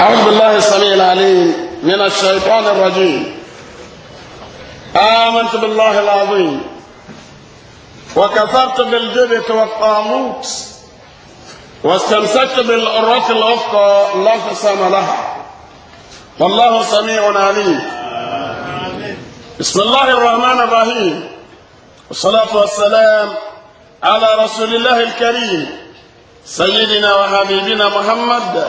أعوذ بالله السميع العليم من الشيطان الرجيم آمنت بالله العظيم وكفرت بالجبت والطاموت واستمسكت بالعروة الأفقى لا انقسام لها والله سميع عليم بسم الله الرحمن الرحيم والصلاة والسلام على رسول الله الكريم سيدنا وحبيبنا محمد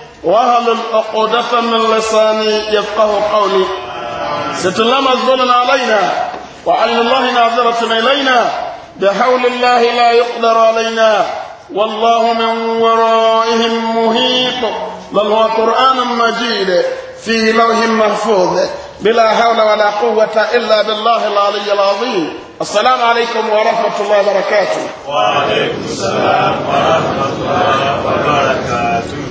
وهل العقودة من لساني يفقه قولي ستر الله علينا وعين الله ناظرة إلينا بحول الله لا يقدر علينا والله من ورائهم محيط بل هو قرآن مجيد في لوح محفوظ بلا حول ولا قوة إلا بالله العلي العظيم السلام عليكم ورحمة الله وبركاته وعليكم السلام ورحمة الله وبركاته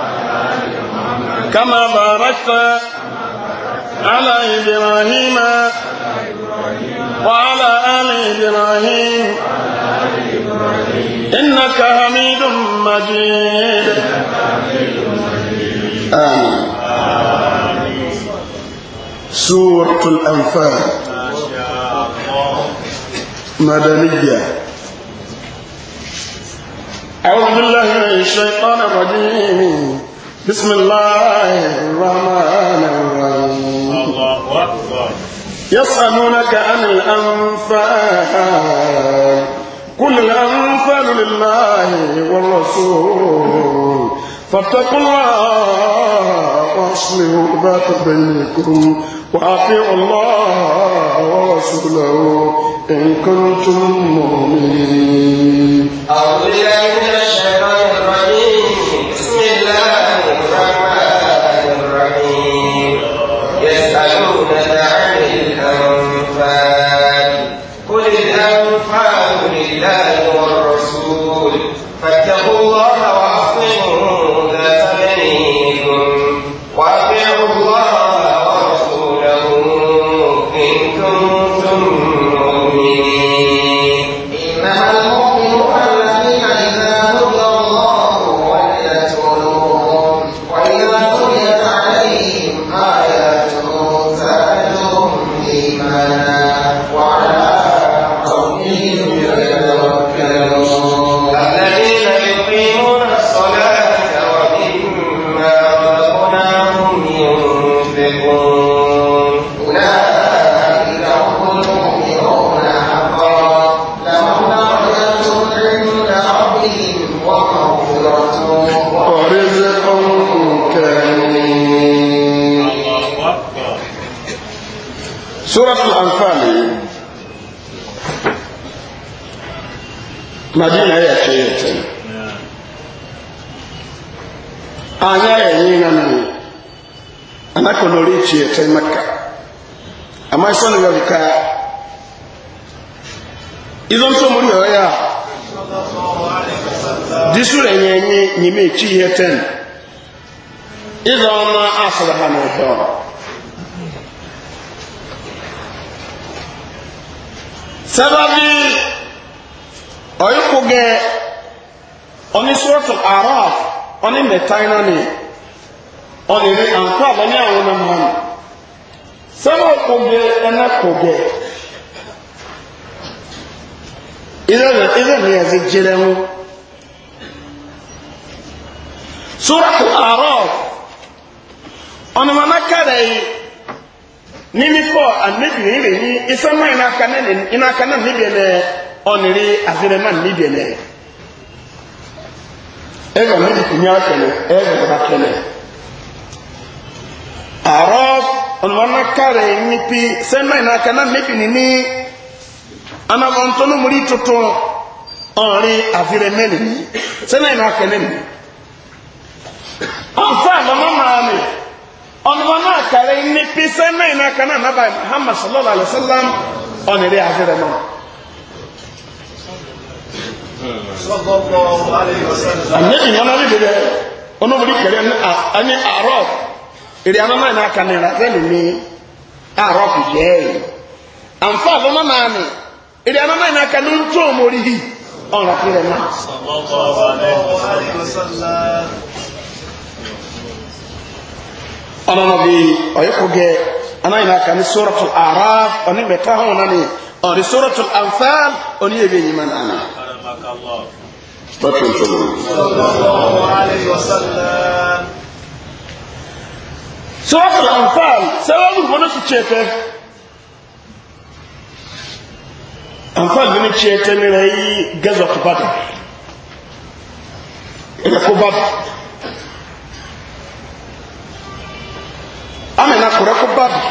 كما باركت على إبراهيم وعلى آل إبراهيم إنك حميد مجيد آمين سورة الأنفال مدنية أعوذ بالله من الشيطان الرجيم بسم الله الرحمن الرحيم الله أكبر يسألونك عن الأنفال كل الأنفال لله والرسول فاتقوا الله وأصلحوا ذات بينكم وأطيعوا الله ورسوله إن كنتم مؤمنين أعوذ بالله من الشيطان الرجيم n'ori ekyir ɛkyɛn maka aman sɔnni yɛ ɔdi kaa izɔn tó omori yɛ ɔyɛ a disu rɛ nyɛnyi nyima ekyi yɛ tɛn izɔn na asɔrɔ ha n'ɔdɔn. sababi ɔyɛ kogɛ ɔne sɔrɔtɔ araf ɔne mɛtan na ne. ɔnere anko abɔne a wɔn nam hɔn sɛm ɔkoge ɛna koge ɛdɛna ɛdɛna yɛdze gyerɛ ho suratu arɔf ɔnamama kada yi nimi kɔ anabi yi yi isama yi n'aka ne ne n'aka ne ne ɔnere ma ne arɔf ɔnumana kare nipi sɛnɛ yina kana nini anabɔntɔnu muri tuntun ɔnri afire mɛli ni sɛnɛ yina kɛnɛ na ɔnfɛ ɔnuma maami ɔnumana kare nipi sɛnɛ yina kana naba muhammad sallallahu alaihi wa sallam èrè àmàmà yìí n'aka ní ìrànṣẹ́ nìmi àárọ̀ fìfẹ́ yìí ànfà àfọmọ́ màá mi èrè àmàmà yìí n'aka ní ntú òmòrì yìí ọ̀rọ̀ fi rẹ̀ náà. ọ̀nà nàbí ọ̀yẹ́kọ̀ gẹ̀ anáyìí n'aka ní sọ́rọ̀tù àràf ọ̀ní mẹ́ta hàn náà ni ọ̀rí sọ́rọ̀tù ànfàl ọ̀ní èbè yìí mà nàá. Bákan tó lò. Sọ̀rọ̀ àlejò sálẹ̀ sọ́wọ́sọ̀ àǹfààní sẹ́wọ́sọ̀ gbọ́dọ̀ sì tiẹ̀ tẹ́ àǹfààní ní tiẹ̀ tẹ́ ní rẹ̀ yí gẹ́zọ̀ tó bá dùn ẹ̀yẹ kó bá dùn amina kọ̀rẹ́ kó bá dùn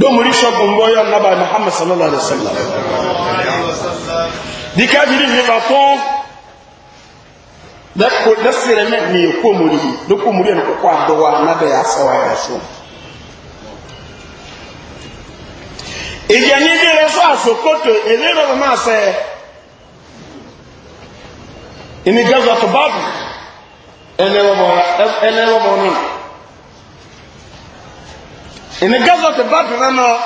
dómori sọ́gun bọ́yọ̀ nàbà muhammad sallallahu alayhi wa sallam dìkẹ́ bìrì mi bá fún. dasere ne ne ko muri do ko muri no ko ado wa na be asawa ya so ije ni de re so aso koto ele ro ma se ini e gaza to babu ele ro mo ele ro mo no ini e gaza to babu na no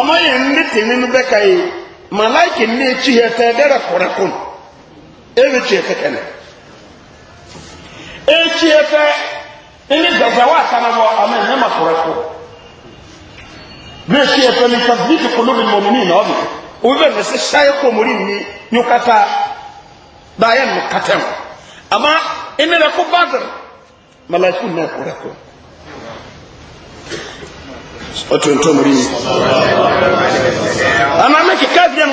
ọmọ yẹn ń dìtì nínú bẹ́ẹ̀ ka yìí màláìkì ní etí yẹn tẹ́ ẹ dẹ́rẹ̀ kọ̀rẹ́kùn. ebichiete kene echiete ndị gazawa akanabọ amen ne mapụrụ ekwu bechiete ni tasbiki kulubi momini na ọbi ube mesi shaye ama inere ku badr malaiku na otu ntomori ni ana meki kabiyan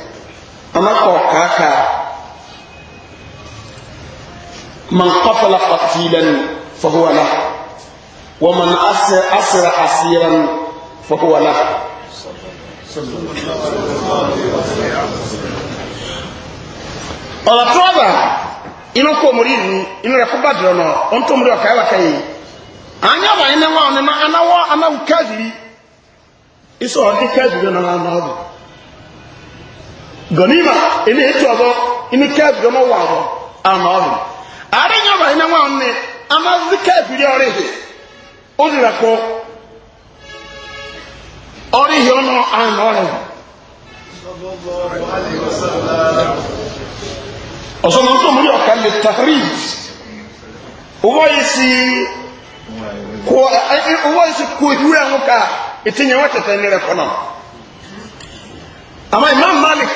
أما قوكاكا من قتل قتيلا فهو له ومن أسر أسيرا فهو له ọ̀rọ̀ tó ọ̀bà inú kò mórí ìlú inú rẹ̀ kó bá dìrọ̀ náà ó ń tó mórí ọ̀ka ẹwà kẹyìn àányá ọ̀bà yẹn náà wọ́n ní anáwó anáwó kẹ́ẹ̀dì yìí ìṣòro ọdún kẹ́ẹ̀dì yìí náà náà ọ̀bà gọ̀nìmà ẹni ètò ọ̀bọ̀ ẹni kẹ́ẹ̀bì ọmọ wà ọ̀bọ̀ àmà ọ̀hìn àárín yọ̀bà iná wà ní amázi kẹ́ẹ̀bì rí ọ̀rẹ́ hì ó sì rà kọ́ ọ̀rẹ́ hì ọ̀nà àmà ọ̀hìn. ọ̀sọ̀nà tó múlẹ̀ ọ̀kà lè tàrí owó yìí sí kó owó yìí sí kó ìwúrẹ̀ ń ká ètí yẹn wọ́n tẹ̀tẹ̀ ní rẹ̀ kọ́ náà àmà imam malik.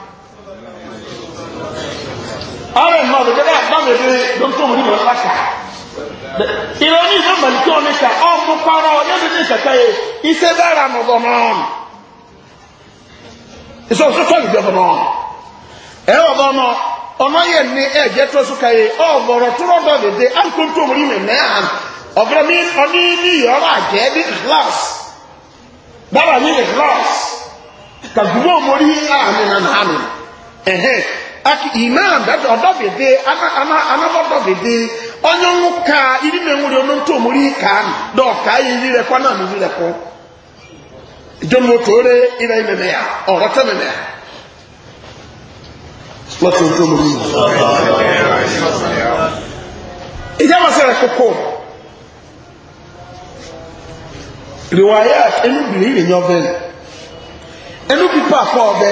ara ẹ̀ máa bẹ̀rẹ̀ àgbàmì ẹ̀dẹ́ lọ́tọ́ òun níbẹ̀ pàṣà ìrọ̀lẹ́ ìfẹ́ mẹ̀lìkì ọ̀nìkà ọ̀pọ̀ parọ́ ọ̀dẹ́dẹ́ ní kẹta yẹ iṣẹ́ dára nọ̀bọ̀ náà iṣẹ́ òṣìṣẹ́ ìjọba náà ẹ̀ ọ̀bọ̀ náà ọ̀nà yẹn ní ẹ̀jẹ̀ tó ṣùkà yẹ ọ̀bọ̀rọ̀ tó rọ̀dọ̀ dédé àkóńtó òun níbẹ̀ náà ọ̀bẹ̀rẹ̀ mi ọ̀ní ní ìyọ̀rọ̀ àjẹ́ ní class dábàá ní class kàgbọ́n mo rí àmì nàánì ẹ̀hẹ́n aki imam dadi ọdọbede ana ana anabọdọbede onye ọnwụ ka iri na-enwere ọnụ ntụ omori ka dọka ya iri rekwa na amụzi rekwa ijom otu ore ire imeme ya ọrọta meme ya lọtụ ntụ omori ije masịrị kụkụ riwaya enubiri iri nye ọbẹ enubiri paapọ ọbẹ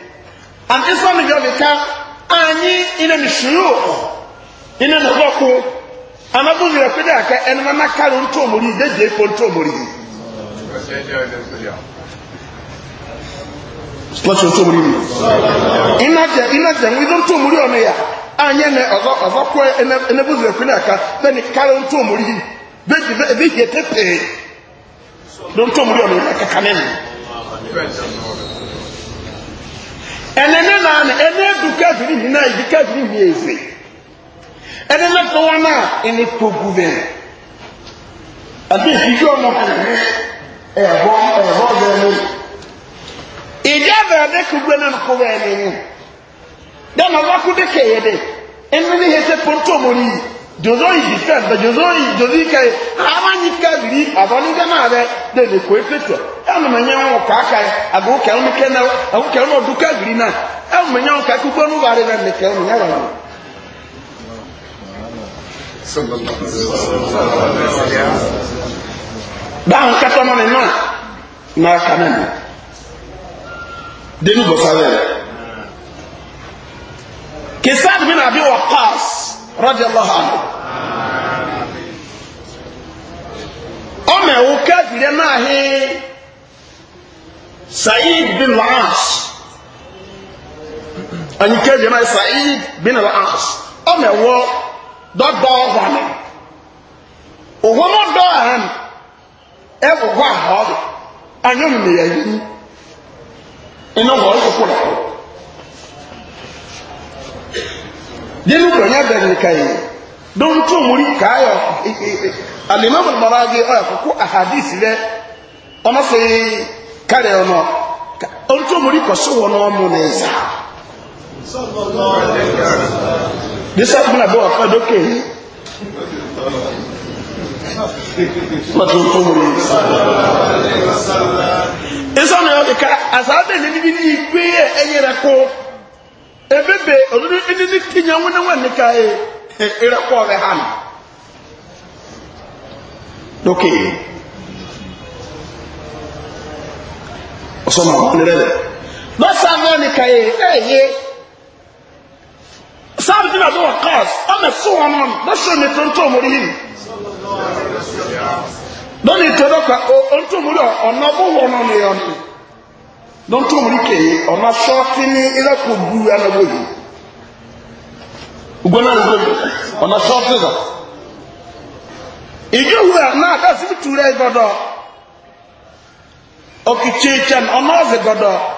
and this one, mi ká anyi iná mi sùúrù in a mi bọ̀ kú anabuzi rẹ̀ fi dẹ́ àkẹ́ ẹni mọ́ náà kárí ntọ́ mọ́rí yìí déjì èkó ntọ́ mọ́rí yìí. Spọtụ ntọ́ mọ́rí mi. Iná jẹ iná jẹ nwidó ntọ́ mọ́rí ọ̀nà yà anyi ẹni ọ̀zọ́ ọ̀zọ́ kọ́ ẹnabuzi rẹ̀ fi dẹ́ àká bẹ́ẹ̀ni kárí ntọ́ mọ́rí yìí déjì ebi yẹ tẹ́tẹ́ ẹnẹnẹ na nà ẹnẹ du káfíìrì mi náà ìdí káfíìrì mi èsè ẹnẹ mẹtọ wọn náà ẹnẹ tó gu bẹẹ àti ìṣíjú ọmọ kùnú ẹ̀họ́ ẹ̀họ́ bẹẹ ni ìdí abẹ́rẹ́ dẹ́ kú gbé náà kó jozo yìí fẹ́ bẹ jozo yìí jozo yìí kẹ́ amanyi kabiri avɔnidɛ náà rɛ de le koe pete ɛnu mɛ nyɛ wɔn kaka yi agogo kɛlɛ mi kɛ na agogo kɛlɛ mi ɔdu kabiri na ɛnu mɛ nyɛ wɔn kaka gbɔ nu wari na mɛ kɛlɛ mi nyɛ wɔn. báwo kẹtọ mọ mi náà náà kà mẹ mi dénú bọ sáré kìsáàdì mi nà bí wà pa rọ́dí ọlọ́ha ọmọ ẹ̀wọ́ kẹfìrẹ́ náà hí saheed bin laas ẹni kẹfìrẹ́ náà saheed bin laas ọmọ ẹ̀wọ́ dọ́dọ́ ọ̀hún mi òhun náà dọ́ ẹ̀hán ẹ̀wọ̀ họ́ àhọ́ ọ̀dọ̀ anyọ́nù nìyẹn yìí iná wọ́n kúkú rẹ̀ kọ́. dinu donya bɛn kai don tu muri kaayɔ alimami maragi ɔyɛ koko ahadisi lɛ ɔno fi kari ɔno on tu muri kɔsi wɔn ɔmo ne nsa. disa bina bɛ wafa doke yi pati o tu ka ebebe ndị enini kinya nwene nwene ka e irakwa e, ọrịa ha na lókè ni ka e eye e, na bìtìmọ̀ àti wà ọ ọmọ ẹ̀sùn wọn náà lọ́sọ̀ mi tó omori ya don tó múrí kèye ọ̀nà sọ́ọ́tì ní ìlẹ́kùn bú ẹnabó yìí ugbọ́n náà ló gbé ọ̀nà sọ́ọ́tì nà ìjọ wúrà náà káàsì bí túrẹ́ gbọdọ̀ òkè chichen ọ̀nà ọ̀sẹ̀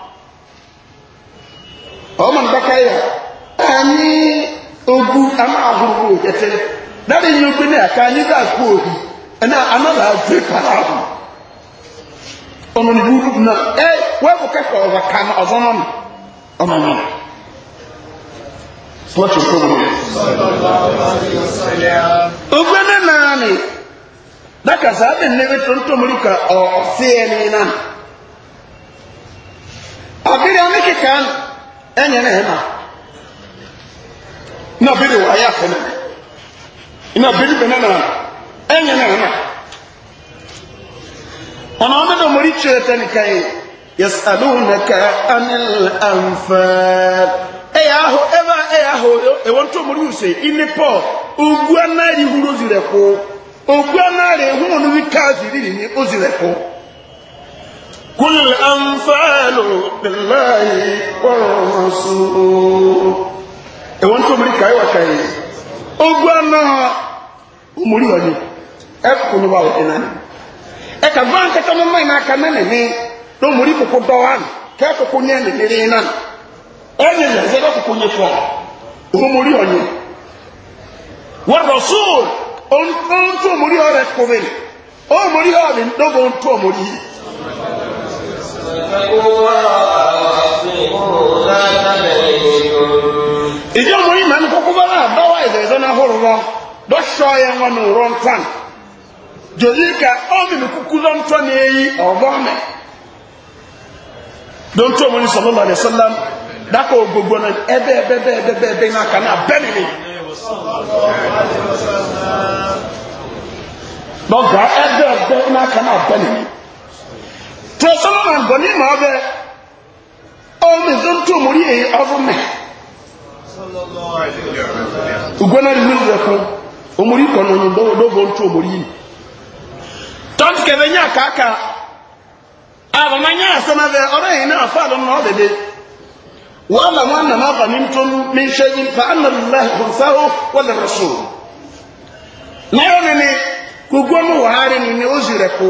ọmọ nìbaka yà anyị ogu ama ahụhụ òkete dada ihe ogu na ka anyị ga akụ ohi na anọla azụ ahụ ọnụ n'ihu na e wee kaka ọzọ ka ọzọ nọ nọ ọnụ nọ nọ naanị daka saa dị nnebe tontomri ka ọ sịa n'ịna ɛnyɛ ne hema na bere wɔ ayɛ afɛ ne na bere bɛ ne na ɛnyɛ ne hema ɔno ɔno na mori kyerɛ tɛ ne kae yasalunaka anil anfal ɛyɛ aho ɛba ɛyɛ aho ɛwɔ ntɔ mori wuse inipɔ ogua naari huro zirɛ ko ogua naari ehun onu bi kaa ziri ni o zirɛ ko. قل الأنفال لله والرسول ẹ̀wọ̀n tó mìí káyíwà káyí ogun náà múrí wà ní ẹkùn ní wà òdì náà ẹka bá ń kẹta mọ́ mẹ́rin aka mẹ́rin ní ló múrí kòkó dọ́wà nù kẹ́kòkó ní ẹni lérí náà ẹni lẹ́sẹ̀ lọ́kòkó ní fọ́ òun múrí wà ní wọ́n rọ̀ sóòl ohun tó múrí ọ̀rẹ́ kòmìn ohun múrí ọ̀rẹ́ lọ́gbọ̀n tó múrí yìí ìjọ mọ̀ yìí mẹ́rin kókó bá náà dọ́wọ́ ìzẹ̀zẹ̀ náà hóró lọ lọ́sọ̀ yẹn wọn ní rọ́ ntọ́n jòyí ká ọ́mì tọ́sánà náà gbọ́ ní màá bẹ ọmọ ìsọ́n tó mú rí èyí ọdún mẹ́. ògbọ́nà rí nílùú ẹ̀kọ́ omori kọ́ ní oyún dọ́wọ́ dọ́wọ́ tó omori yìí. tọ́sí kẹfẹ́ nyà kàkà àbàmà nyà àsọ́nà bẹ ọ̀rọ̀ yìí náà fà lọ́nà ọ̀dẹ̀dẹ̀. واعلم ان ما غنمتم من شيء فان لله خمسه وللرسول. لا يؤمن كوكو مو هاري من اوزي ركو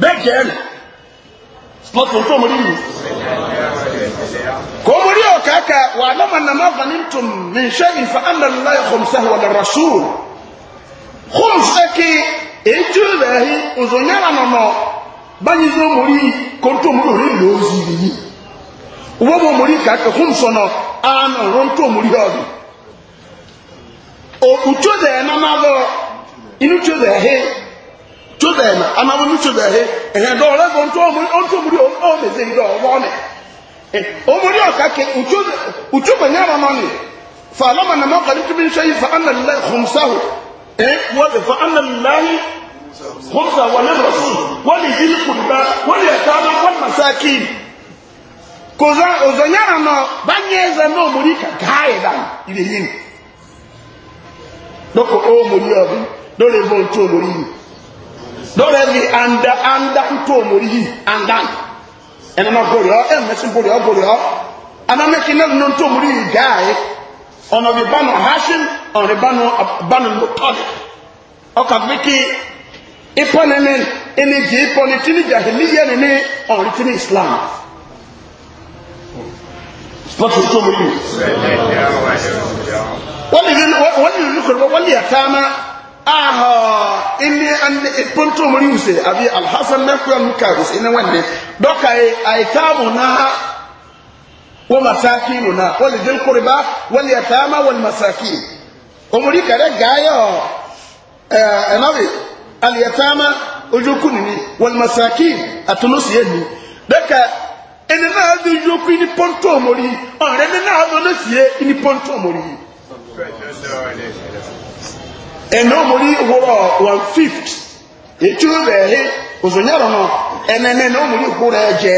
bẹ́ẹ̀ jẹ́ ẹ̀nà lọ́tún tó mọ̀rí mi kò mọ̀rí ọ̀kàkà wà lọ́mà nàmá vanintun ní ṣe ìfà ánàlá ìkọmṣẹ́ wà lọ́rọ̀ ṣùl kọmṣẹ́ kí èjú rẹ̀ yí òzònyára nọ̀nà báyìí tó mọ̀rí kò tó mọ̀rí orí lò ó yìí wọ́n mọ̀ mọ̀rí kàkà kọmṣọ́ nọ àánà rọ̀ tó mọ̀rí ọ̀dọ̀ òkú tó dẹ̀ ẹ̀ lọ inú tó dẹ̀ ẹ̀ tó bẹ̀rẹ̀ náà anáwó ní tó bẹ̀rẹ̀ ẹ̀hẹ́ dọ̀ ọ̀rẹ́ bọ̀ ntọ́ ọmọdé ọmọdé yìí dọ̀ ọwọ́ mi ọmọdé ọ̀ka kẹ ntú bẹ̀yẹ ọmọ mi fa alama na ma kọli tumi nṣe yi fa ana lila humsahu ẹ wọle fa ana lila yi humsa wọle rasul wọle yili kunda wọle ẹtaana wọle masaki kòzá òzònyára nọ bányẹ ẹzẹ náà ọmọdé kàkà ẹ̀dá ìdè yìí dọkọ ọmọdé ọdún lórí ẹbọ ntú ọmọdé yìí dɔwɛrɛ bi anda anda tó mori yi anda ɛnana gboliyɔ ɛnɛsi gboliyɔ gboliyɔ anamɛki ne nunu tó mori yi gaa yi ɔnɔ bi banu hasim ɔnɔ bi banu banu lutɔli ɔka gbeki ipɔ nini ɛni dze ipɔ ni tini jahiliya nini ɔnɔ tini islam lọ́tún tó mú yìí wọ́n lè yí kòrò wọ́n lè yàtá máa aha ini ande iponto muri use abi alhasan na kwa mukabis ina wande doka e aitamu na ومساكيننا ولذي القربى واليتامى والمساكين ومري كده غايو انبي اليتامى اجوكني والمساكين اتنسيني دكا ان ما ادو يوكو ني بونتو موري اورن نا ادو نسيه ني بونتو موري ɛnna omori wúrọ one fifth etu bẹẹhi òsònyẹrọ nọ ɛnẹnẹ ɛnna omori wúrọ ɛjẹ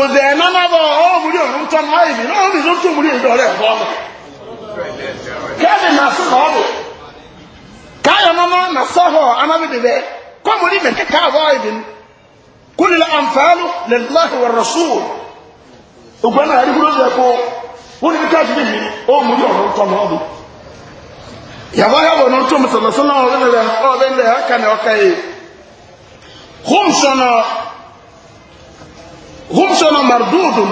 òdè ɛnanabọ ɔmori òhun tán náà ibi náà omi tó tó omori ìdọrẹ ẹfọ mọ kẹmi náà sọ náà bọ káyọ nọnà nà sọhọ anabidi bẹ kọmori mẹkẹ káàbọ ibi kúlìlà ànfààní lẹláhi wà rasul ògbẹ́nà ẹ̀rí kúrò sí ẹ̀kọ́ wọ́n ní káàkiri ọmori òhun tán yàbá yàbọ̀ náà tó mùsùlùmí ọ̀rẹ́ ilẹ̀ ẹ̀ka ni ọ̀ka yìí humsọ̀nà mardudun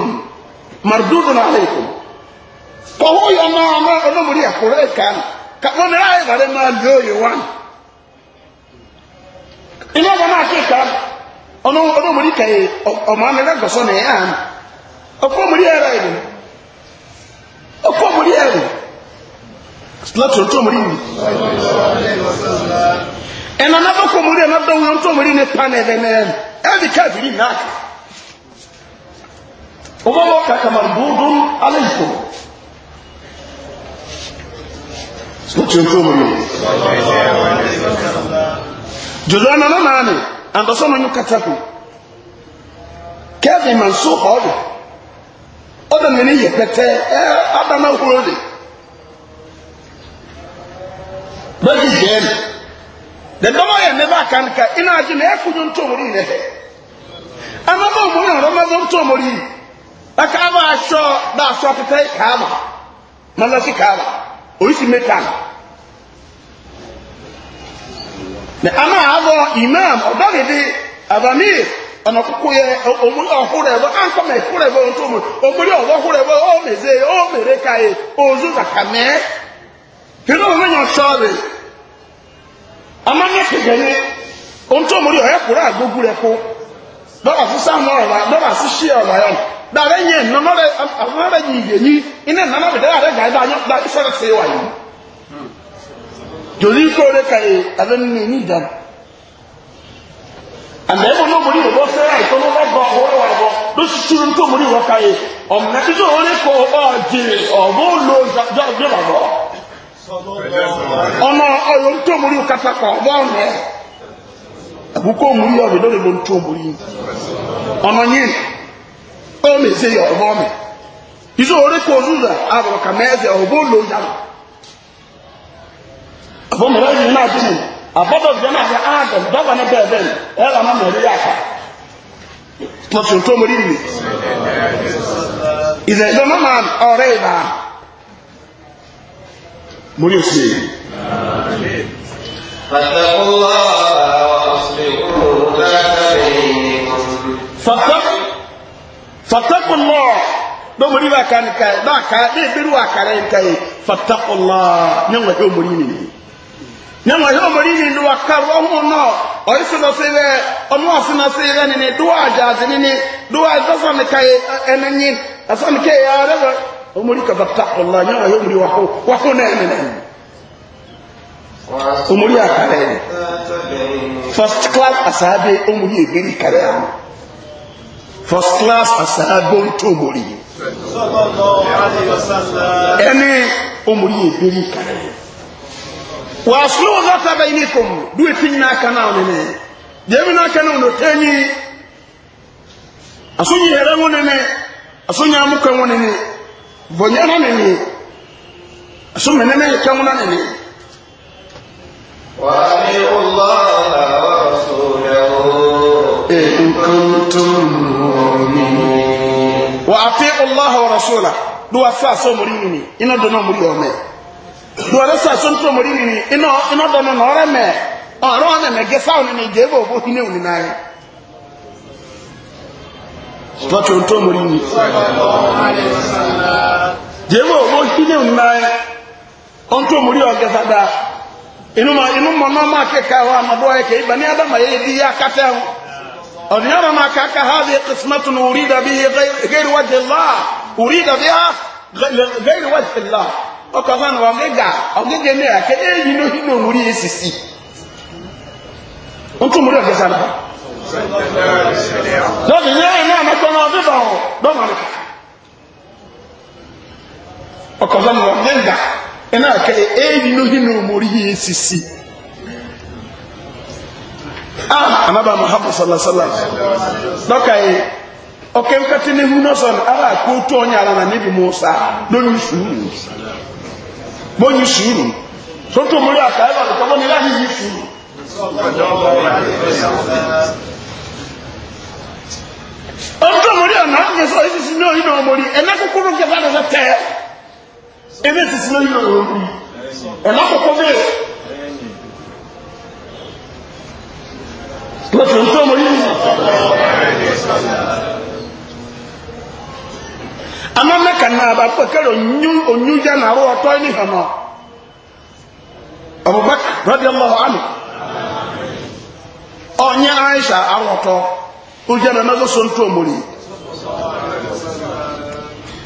mardudun aleikum kọ̀wọ́ yọ náà ọmọ ọlọ́mọdé àkùrẹ́ ẹ̀ka ni kàwọn ní láyé ìbàdàn máa lé òye wá ilé ọmọ náà kí ìka ọmọ ọlọ́mọdé kàyé ọmọ àmì rẹ̀gọ̀sọ̀ nìyẹn ọkọ̀ ọmọdé sílẹ̀tì tó mọ̀rí ni ẹ̀nà náà fọ́kọ̀ mọ̀rí ẹ̀nà dọ́wọ́ tó mọ̀rí ni panẹ̀ ẹ̀dẹ̀mẹ̀rẹ̀ ẹ̀dì káàfìrí náà ọmọ wọn kàkà mà dúdú alẹ́ ìkọ̀ sílẹ̀tì tó mọ̀rí ni jòjò ẹ̀nà náà nàá ni àǹdọ̀sọ́nà yóò kàtàkù kẹ́ẹ̀fì mà ń sọ ọ̀dọ̀ ọ̀dọ̀ mi ni yẹ pẹ́tẹ́ ẹ̀ adana hóró de. bẹ́ẹ̀ni zẹ́ẹ̀ mi dẹ̀dọ́mọ̀ yẹn mẹ́fà kànkà iná ajé na ẹ̀kú yóò tó omori rẹ̀ anamọ̀ omori ọ̀rọ̀ mẹ́fà tó omori aka ama aṣọ dá aṣọ pẹpẹ kàáma mọ́nàṣí kàáma oríṣi mẹ́ta na ama abọ imam ọ̀dọ́gidi abami ọ̀nà kúkú yẹ omori ọ̀húrẹ̀ bọ́ ankọ́mẹ̀ ẹ̀kúrẹ̀ bọ́ ohun tó omori omori ọ̀húrẹ̀ kìrì òmìnira sọ́ọ̀lì amáyé kẹ̀kẹ́ ní ohun ọ mú rí ọ̀yẹ́ kúrò àgbógún rẹ̀ kó lọ́wọ́ sí sáàmù ọ̀rọ̀ lọ́wọ́ sí ṣí ọ̀rọ̀ yọ̀ dàrẹ́ yẹn nọ́nọ́rẹ́ àfọwọ́rẹ́ yìí yẹ̀ ní iná nàmà bẹ̀rẹ̀ àrẹ́ gàá dá yọ̀ dá ìṣọ́rẹ́ sí wà ọmọ ọyọ ń tó múrí katakọ ọmọ ọmọ ẹ àbúkọ múrí ọbẹ lórí mo ń tó ọmọ yín ó lè ṣe yọ mi ìṣó orí kò zúzà àbọ̀rọ̀ kà mẹ́ẹ̀ẹ́sẹ̀ ọ̀bọ̀ ló yà lọ. àbọ̀ mọ̀rọ̀ yìí náà dùn náà yẹ lànà yà múrí òsì èyí. fàtàkùnlọ lọ́mọdé bá ká nìka ẹ̀ náà ká ní ìbírú àkàrà nìka yìí fàtàkùnlọ nyẹ́wọ̀n ẹ̀hẹ́ òmòrí nìyí nyẹ́wọ̀n ẹ̀hẹ́ òmòrí nìyí ni wà ká lọ́hùn náà ọ̀yí sọ̀rọ̀ sí rẹ̀ ọmọ ọ̀sìn náà sí rẹ̀ nìyí dúwà àjàdì nìyí dúwà ẹ̀sọ́sọ̀ nìka yìí ẹ̀nẹ́yìn ẹ̀sọ́ nìka yìí omulika fattakullah nyama yomuli wafunenene omuli akalene first class asabe omuli ebiri kalano first class asabe onto omuli ene omuli ebiri kalene wasuluhu zata bainikum duwe tinyinaka naonene jeminaka naono tenyi asunyihere ngonene asunyamuke ngonene bɔnyɛ na ne nie ɛso mene ne yɛ kɛm na ne nie wàfi allah wa rasuula do wa fa so mori nini ina do na mori ɔmɛ do wa fa so ntɔ mori nini ina ina do na ɔrɛ mɛ ɔrɛ ɔmɛ mɛ gɛfa onini gɛfa obo hinɛ oninaye. láti ohun tó mórí ní jẹ́wọ́ owó ilé ìnáyẹ ohun tó mórí ọgẹ́sàdá inú mọ̀ náà máa kẹ́kẹ́ àwọn àmàbọ̀ ẹ̀kẹ́ ìbà ní di yá kátẹ́ yàrá máa ha bí kìsìmẹ́tù ní orí dàbí gẹ́rì wájẹ̀ láà orí dàbí gẹ́rì ọkọ̀ fún kẹ́ lọ́sì ní ẹ̀yìn náà mẹ́tọ́ náà ọdún bọ̀ dọ́mà rẹ̀ ah anaba muhammad sallasala lọ́kà yìí ọkẹ́ nkẹ́tí ní hu náà sọ̀rọ̀ ara kó tó ọ̀nyà musa ọjọ́ mọ̀rí ọ̀nà àti ẹ̀sọ́ ìsìsì náà yìí náà mọ̀rí ẹ̀nà kúkúrú gẹ̀fà lọ́sẹ̀ tẹ́ ẹ̀nà ìsìsì náà yìí náà mọ̀rí ẹ̀nà kúkú bẹ́ẹ̀. lọ́tọ̀ ń tọ́ mọ̀rí nìyí. àmọ́ mẹ́ka náà bá Ujana nazo so ntu omori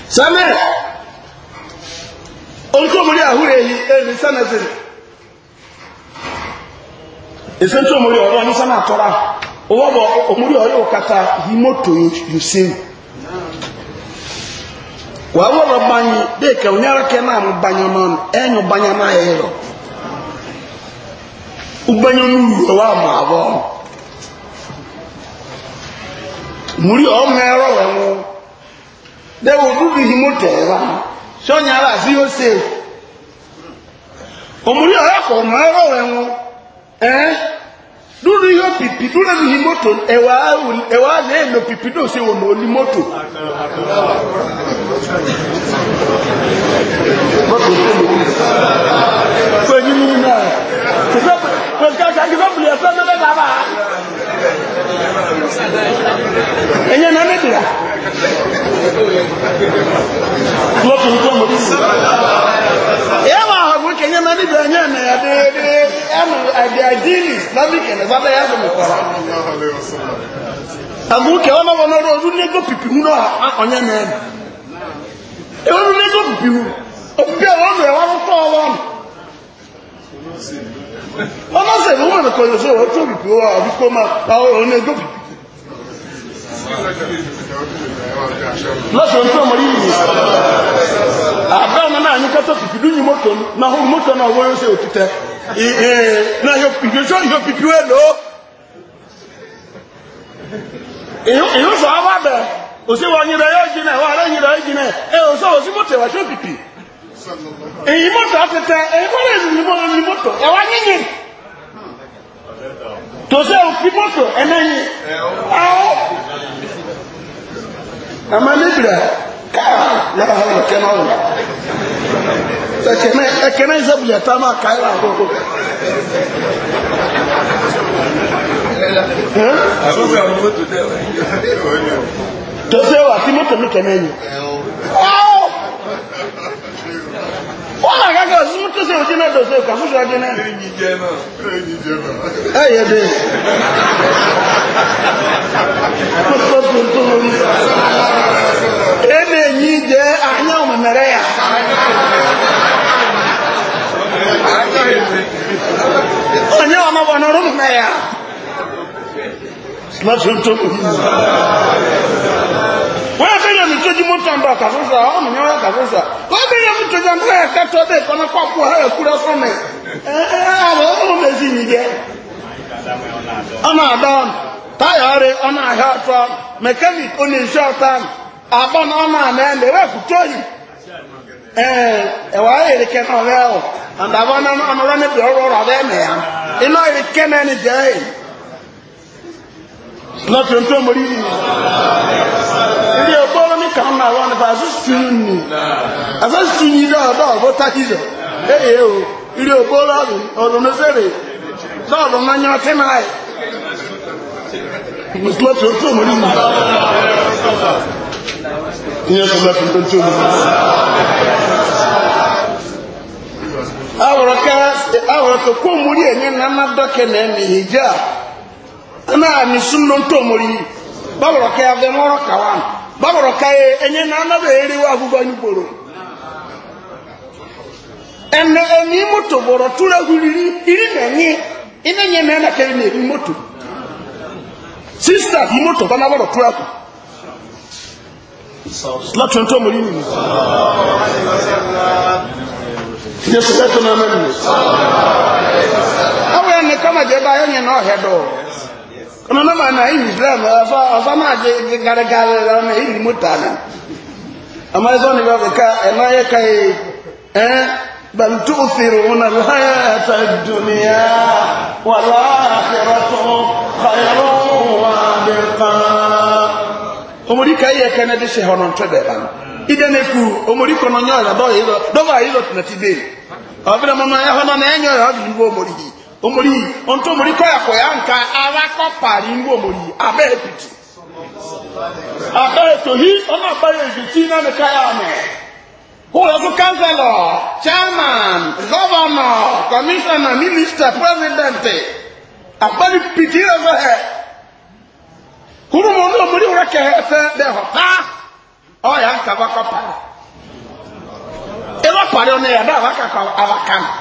sane ontu omori ahure yi eri sane zin ese ntu omori ọrọ ni sane atọra O bọ omori ọrọ òkata hi moto yusin wà á wọ̀rọ̀ banyi bẹ́ẹ̀ kẹ́ ọ̀nyára kẹ́ na mo banya náà ẹ̀yìn e banya náà e yẹ lọ ọgbẹ́nyẹ́ nù yẹ wà á mọ̀ muri ọmọẹrọ ẹwọn dẹwọ dúdú yìí mo tẹ ẹ wá sọnyà rà sí yóò ṣe òmùrí ọlọpàá ọmọẹrọ ẹwọn ẹ dúdú yóò pìpì dúdú yìí mọtò ẹwà ẹwà lè lò pìpì náà ṣe wọn ò ní mọtò. mọtò tó lò ó pé nínú náà kò sábà. kíá lọ́tún tó mọ̀ sí. Ìyá máa hàn wọ́n kẹ́yẹ́ níbi ẹ̀yẹ́ ẹ̀nà ẹ̀dẹ́ ẹ̀dẹ́ ẹ̀mù àdé àdínì lábìkì ẹ̀nà sábẹ́ ẹ̀yẹ́ ẹ̀dẹ́ mọ̀kọ́rọ́. Àgùn kẹ́ ọ́nà náà máa ọ̀rọ̀ lọ́sọ̀ tó mọ̀ yìí àbẹ́ ọmọ náà ní kátó fìfì lóyún mọ́tò náà hún mọ́tò náà wọ́n yóò ṣe òtítẹ́ náà yóò fìfì wé lò ó èyí sọ wá bẹ̀ òsì wọn yìí rẹ̀ yóò wọn yìí yóò ẹ ò sọ òsì mọ́tò ẹ̀wà èyí mọ́tò àtẹ̀tẹ̀ èyí mọ́tò òfin mọ́tò ama ne bira kaa ah, na ba hɔn na kɛnɛ ɔn na sɛ kɛnɛ ɛ kɛnɛ yi sɛ bulɛ taama kaa yi la ko ko. tɔsɛ wa ti moto mi kɛnɛ yi o wọ́n àgá kan sí tó ṣe òṣìṣẹ́ náà dọ̀ṣẹ́ ìkà fúnṣọ́ ajé náà. ẹ yẹ dé. kótó tuntun lórí. ẹnì yìí jẹ́ àyàn ọ̀mọ̀mẹ̀rẹ̀ yà. àyàn ọ̀mọ̀mọ̀nà ọ̀rọ̀mọ̀mẹ̀ yà. lọ́sọ̀tún. wọ́n á fẹ́ ndio jimotamba kabisa au mnyoya kabisa wewe ni mtu jambo ya katobe kana kwa kwa haya kula some eh wewe umezinje ana adam tayari ana hata mechanic onisha tan abana ana nende wewe kutoi eh ewa ile kana leo andabana ana ne bi oro ro be me ya ino ile e kana ni je na tuntu muri ni ilé ọgbọ́n m kàánà àwọn nípa asụsụ nù àṣìṣù yìí lọ́dọ̀ ọ̀bọ̀ tájíṣọ̀ èyí o ilé ọgbọ́n lọ́dọ̀ ọ̀rọ̀mẹsẹ̀rẹ̀ lọ́dọ̀ mọ́nyá tí máa ẹ̀ mùsùlùmí tó tó báwọ̀rọ̀ kẹ́ afẹ́ mọ́rọ̀ kàwá báwọ̀rọ̀ ká náà náà eré wà fúgbọ́ ní gbòòrò ẹ̀nà ẹ̀mí mọ́tò bọ̀rọ̀ túra wulili irí nàní iná yẹn Na nàkẹ́ ẹ̀mí ẹ̀mí mọ́tò sísítà yìí mọ́tò bọ̀rọ̀ kù ọmọ mẹ́mà na yìí islam ọfọ máa jẹ gàrẹ́gàrẹ́ ọmọ yìí mú tààmì ọmọ ẹ̀sọ́ ni bàbá ká ẹ̀nà ayé ká yìí ẹ̀ bàtú òfìrò wọn láyé ẹ̀ta dùnìyà wà láàkìrọ̀ tó kàyọ̀rọ̀ wà ní kan. omori ka yẹ kẹ́ni ku omori ya na enyo ya omori onto omori kọ ya nka ara kọ pari ngu omori abe epiti abẹ etohi ọna abẹyẹ na nani ya ọmọ kóòlù ọtún chairman gọvanọ kọmíṣánná na minister president pìtì ẹfẹ ẹ kúrúmọ ní omori wúrẹ kẹhẹ ẹsẹ dẹ họ pa ọ ya nka bá kọ pari ẹ bá pari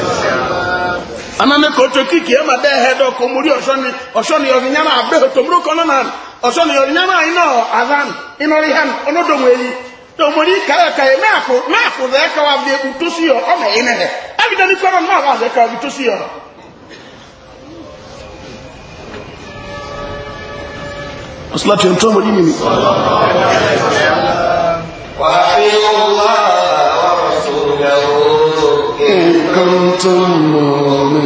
anane koto kiki ema de hedo komuri oshoni oshoni yorinyama abeho tomru kononan oshoni yorinyama ino azan ino rihan ono domweli domweli kaya kaya meako meako zeka wavde utosi yo ome inehe abida ni koron ma wavde kaya utosi yo aslati yontomo lini ni وأطيعوا الله ورسوله إن كنتم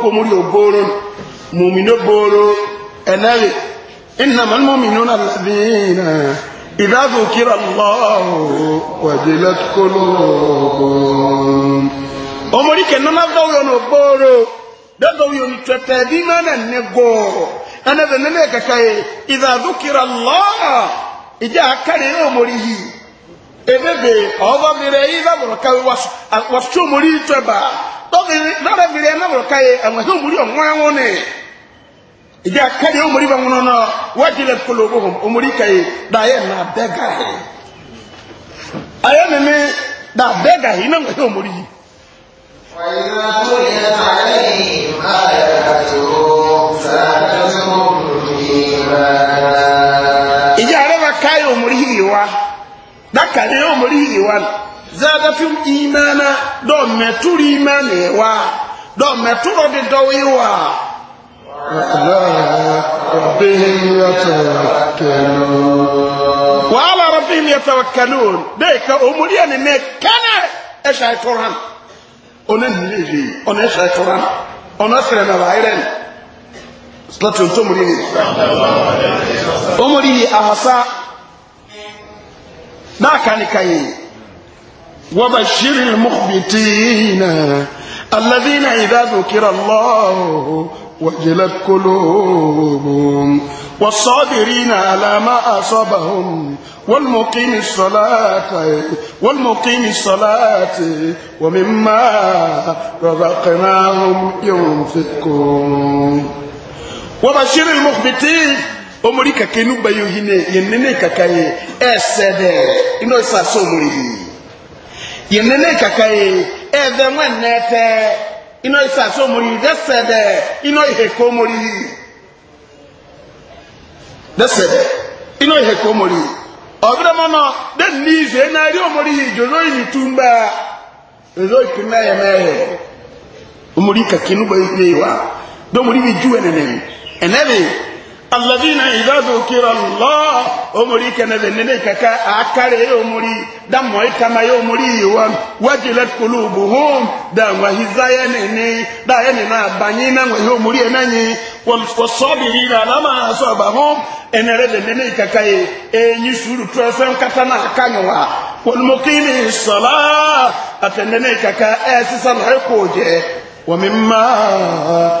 ko muri ogoro mumino boro enaye إنما المؤمنون الذين إذا ذكر الله وجلت قلوبهم أمري كنا نفضل ينبورو دادو ينتتبين أنا نقو أنا ذنبك كي إذا ذكر الله إجا أكاري أمريه ebebe ọba mere ihe abụrụ ka wasu omori itwe baa dɔbiri dɔbiri miri ɛna wòle ka ye ɛmɛ hɛn omori ɔŋɔɛ ŋo ne ìjà kari omori bɛ ŋɔnɔ nɔ wájú lɛ kolo ko omori ka ye da yɛ na bɛ ga yi ayɛ mimi da bɛ ga yi ina wòle omori yi. ìjà rẹ̀ bá ka ye omori yi wa da kari omori yi wa zadafim imana dɔ mɛturu imani wa dɔ mɛturu de dɔw ye wa. wàhálà rọ̀bìn yẹtọ̀wọ̀ kanún bẹ́ẹ̀ ka omori ẹni mẹ kánẹ̀ ẹ ṣe àìtọ́ra ọ̀nà nílé yìí ọ̀nà ẹ ṣe àìtọ́ra ọ̀nà ẹsẹ̀ náà wà ayẹrẹ ni sílẹ̀tì ọ̀tọ̀ omori ni وبشر المخبتين الذين إذا ذكر الله وجلت قلوبهم والصابرين على ما أصابهم والمقيم الصلاة والمقيم الصلاة ومما رزقناهم ينفقون وبشر المخبتين أمريكا كنوبا يهيني ينني كاكاي أسدر إنه ساسو مريدي yɛnene kaka ye ɛɛbɛ ŋmɛ nɛɛtɛ ino yi saso mori dɛ sɛdɛ ino yi heko mori dɛ sɛdɛ ino yi heko mori ɔbɛrɛ mɔ nɔ dɛ niize n'ayiri omori yi jozo yi tumba jozo yi tumba yɛ mɛ yɛ omori kaki nugba yi wa dɛ omori bi ju ɛnɛnɛ ɛnɛ bi. الذين إذا ذكر الله أمري كنذنني ككا أكاري أمري دم ويكما يومري وان وجلت قلوبهم دم وهزاينني دايننا بانينا ويومري نني والصابرين لما أصابهم أنا رذنني ككا أني سورة ترسم كتنا كانوا والمقيم الصلاة أتنني ككا أسسا حقوجه ومما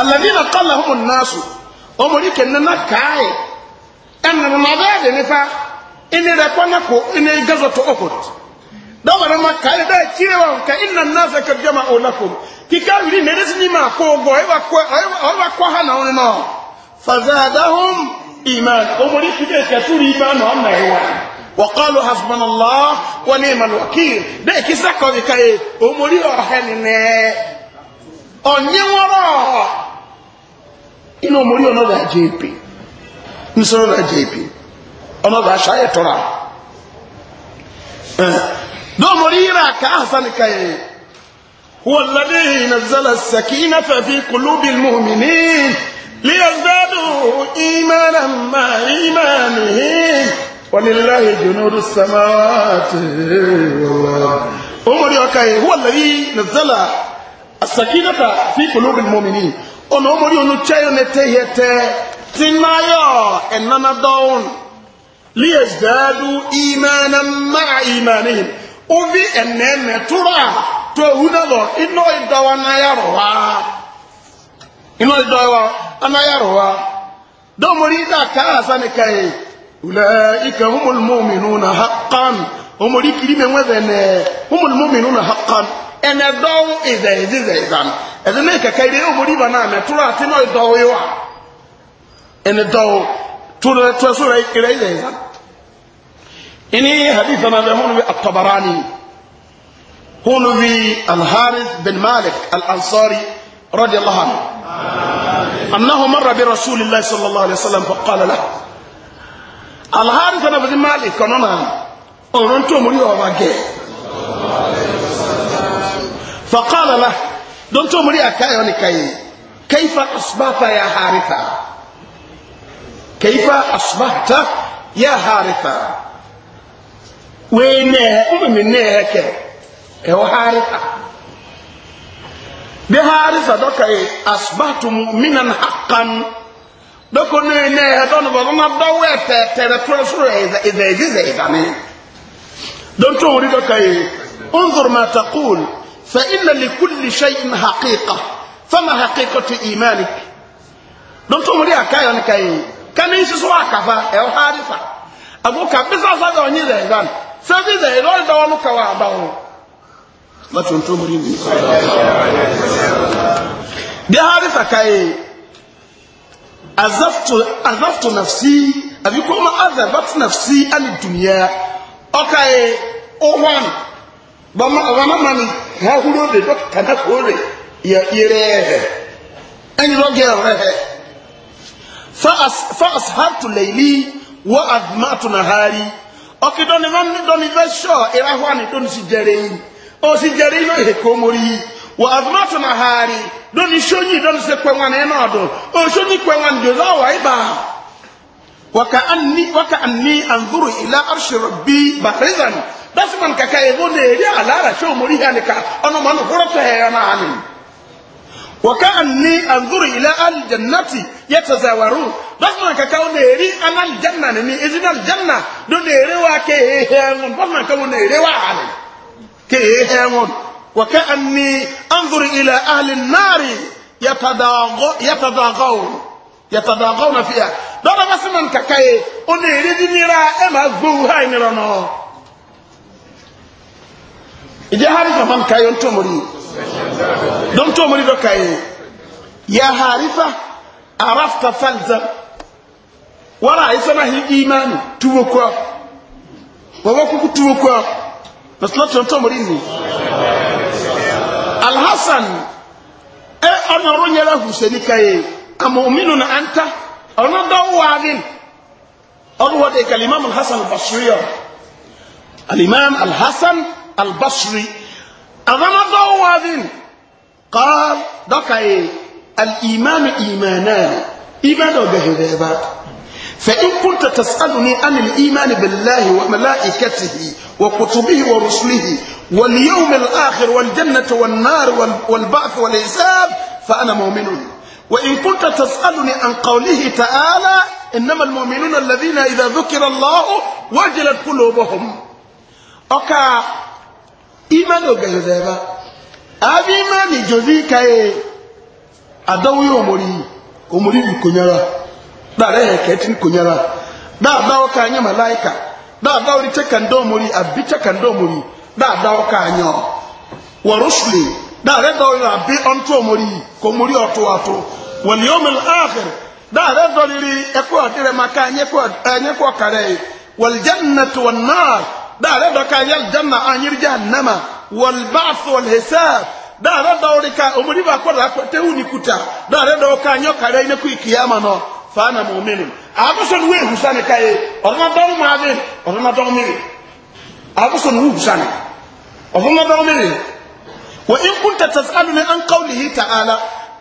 alladhina qallahumu an-nasu omori kenna kai enna mabade nifa ini rekwana ko ini gazo to okot dawara makai da kirewa ka inna an-nasa kad jama'u lakum kikawiri ne resini ma ko go e wa ko e wa ko hana oni no fazadahum iman omori kike kasuri iman on na ewa وقالوا حسبنا الله ونعم الوكيل ده كيسا كوي كاي اوموري اوهن نه اونيورو inú omori ọ̀nọ́dà jp nsọ́nọ́dà jp ọ̀nọ́dà aṣáyẹ̀ tọ́ra eh, dọ́mọ̀rí yíra ká àsánì kàyẹ̀ wọ́n lọ́dí ìnàzọ́lá sàkínà fẹ́fí kùlúbì mùmìnì liyazadu imana ma imani walilahi junudu samawati omori ọkàyẹ̀ wọ́n lọ́dí ìnàzọ́lá sàkínà fẹ́fí kùlúbì mùmìnì ọ̀nà ọmọdé ọ̀nà kyẹ́yọ n'ete yẹ tẹ́ tí náyọ̀ ẹ̀nana dọ́wọ́n lies dàdú ìmánà mara ìmánà ovi ẹ̀nẹ́ẹ̀nẹ́ tóra tó ewu náà ino idawa na anáyàrọ̀ ino idawa ìdọ́wọ́ anáyàrọ̀ do mori dà káàsá nìkan yìí wùlẹ̀ ikẹ̀ humul mọ́mìnú na haqqan ọmọdé kiri mẹ́wẹ́ bẹ̀ nẹ́ humul mọ́mìnú haqqan ɛnɛ dɔw ɛdɛ ɛdɛ ɛdɛ ɛdɛ no ɛdɛ ne kɛkɛ yi ɛwɔ mori ba naa mɛ toro ati na dɔw yi wa ɛnɛ dɔw toro toro so rɛ ɛdɛ ɛdɛ ɛdɛ ɛni hadith na bɛ hɔn bi atabarani hɔn bi alharis bin malik alansari rɔdi alahani annahu marra bi rasulillahi sallallahu alaihi wa sallam fa qala la alharis bin malik kɔnɔ na ɔrɔn tó wa ba gɛɛ. فقال له دونت مري اكايو نكاي كيف اصبحت يا حارثه كيف اصبحت يا حارثه وين ام من هيك إيه هو حارثه بحارثه دوك إيه، اصبحت مؤمنا حقا دوك نين هدون بابا ما دو تتر تر اذا اذا اذا دونت مري دوك إيه، انظر ما تقول فإن لكل شيء حقيقة فما حقيقة إيمانك دون تقول يا كاي أنا كاي كان يسوع كفا أو حارفا أقول كبسا سادة وني ذا إذن سادة ذا إذن دوا مكوا باو ما تنتم ريني دي حارفا كاي أزفت أزفت نفسي أبي كوما نفسي عن الدنيا أوكي أوهان bamamani hahuro de dɔ kana k'o de yɛrɛ ɛni dɔ gɛrɛ wɛrɛ hɛ fa as fa as hatu leili wa adumatu nahari ɔkè dɔni ma ni dɔni bɛ sɔ irahwa ni dɔni si jɛre yi o si jɛre yi n'oye komori wa adumatu nahari dɔni sɔnyi dɔni se kpɛŋwani ɛna ɔdun o sɔnyi kpɛŋwani jɔ zaa wa iba waka anni waka anni anzuru ila arshi rabbi barizan. dasuman kaka ebo na eri alara shi omori ya ni ka ọnà mọ ní kúrọ tó hẹyọ náà ni. wọ́ká ní anzuru ilẹ̀ alijannati yẹ tazawaru dasuman kaka ọ na eri ana alijanna ni ni ezi na alijanna do na eri wa ke ehe wọn dasuman kaka ọ na eri wa ani ke ehe wọn. wọ́ká ní anzuru ilẹ̀ alinari yẹ tadagawo yẹ tadagawo na fiya dọ́dọ̀ dasuman kaka ye ọ na eri ni nira ẹ ma gbowó ha nira náà. ije harifa man kayo ntomori don tomori do kaye ya harifa arafta falza. wala isana hi imani tuwo kwa wawa kuku tuwo kwa nasulatu ntomori ni alhasan e ona ronyela huseni kaye ama uminu na anta ona do wagin ona wade kalimam alhasan albasriya الإمام الحسن البصري أمام ضواد قال دقي الإيمان إيمانان إيمان وجهذابا فإن كنت تسألني عن الإيمان بالله وملائكته وكتبه ورسله واليوم الآخر والجنة والنار والبعث والحساب فأنا مؤمن وإن كنت تسألني عن قوله تعالى إنما المؤمنون الذين إذا ذكر الله وجلت قلوبهم أكا imani ogere zeba abi imani jozi kaye adawu yo omori omori bi konyara da re he keti konyara da da o ka anya malaika da da o rite kan do omori abi te kan do omori da da o ka anya wa rusuli da re do ra bi onto omori ko omori da re do ri e ko adire maka anya ko anya ko دار دك يلجنا أن جهنم والبعث والحساب دار دورك أمري بقول لك تهوني كتا دار دورك أن يكره إنك كياما نو فأنا مؤمن أبصر وين حسنا كاي أرنا دور ما ذي أرنا دور مي أبصر وين حسنا أرنا دور مي وإن كنت تسألني عن قوله تعالى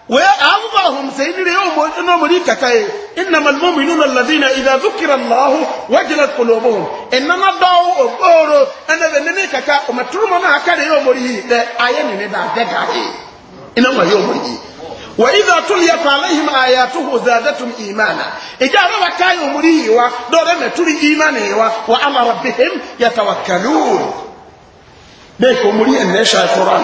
وأعظمهم سيدنا يوم نمري كتاي إنما المؤمنون الذين إذا ذكر الله وجلت قلوبهم إنما دعوا أبورو أنا بنني كتا وما ترمى ما كان يوم مريه ده آيان ندا دقاهي إنما يوم مريه وإذا تليت عليهم آياته زادتهم إيمانا إجا روا كاي مريه ودورنا تلي إيماني وعلى ربهم يتوكلون بيكم مريه النشا القرآن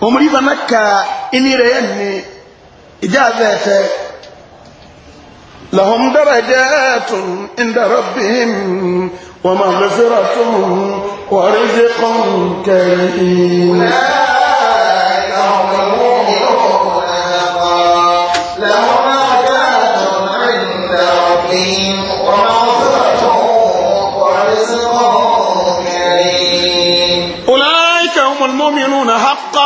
ومريبا مكة إني ريني إجازات لهم درجات عند ربهم ومغفرة ورزق كريم أولئك هم المؤمنون حقا لهم درجات عند ربهم ومغفرة ورزق كريم أولئك هم المؤمنون حقا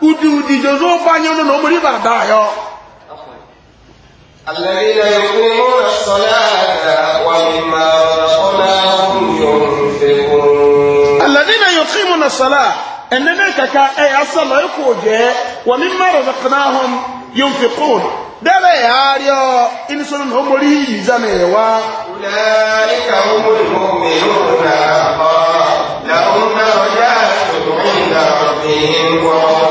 udi udi jozo banyo no nomuri bada yo الذين يقيمون الصلاة ومما رزقناهم ينفقون الذين يقيمون الصلاة إنما كا أي أصلا يكوجة ومما رزقناهم ينفقون دابا يا ريو إن سنن هم لي زميوا أولئك هم المؤمنون حقا لهم درجات عند ربهم ورحمة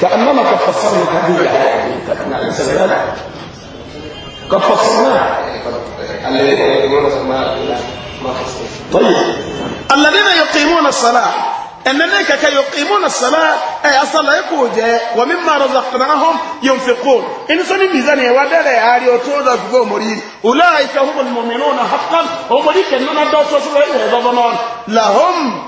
كأننا قد فصلنا هذه الآية قد فصلناها طيب الذين يقيمون الصلاة أنك كي يقيمون الصلاة أي أصلا يكوجة ومما رزقناهم ينفقون إن سني ميزان يوادر ياري وتوضع في مريد أولئك هم المؤمنون حقا هم ليك أننا دوتوا سوى لهم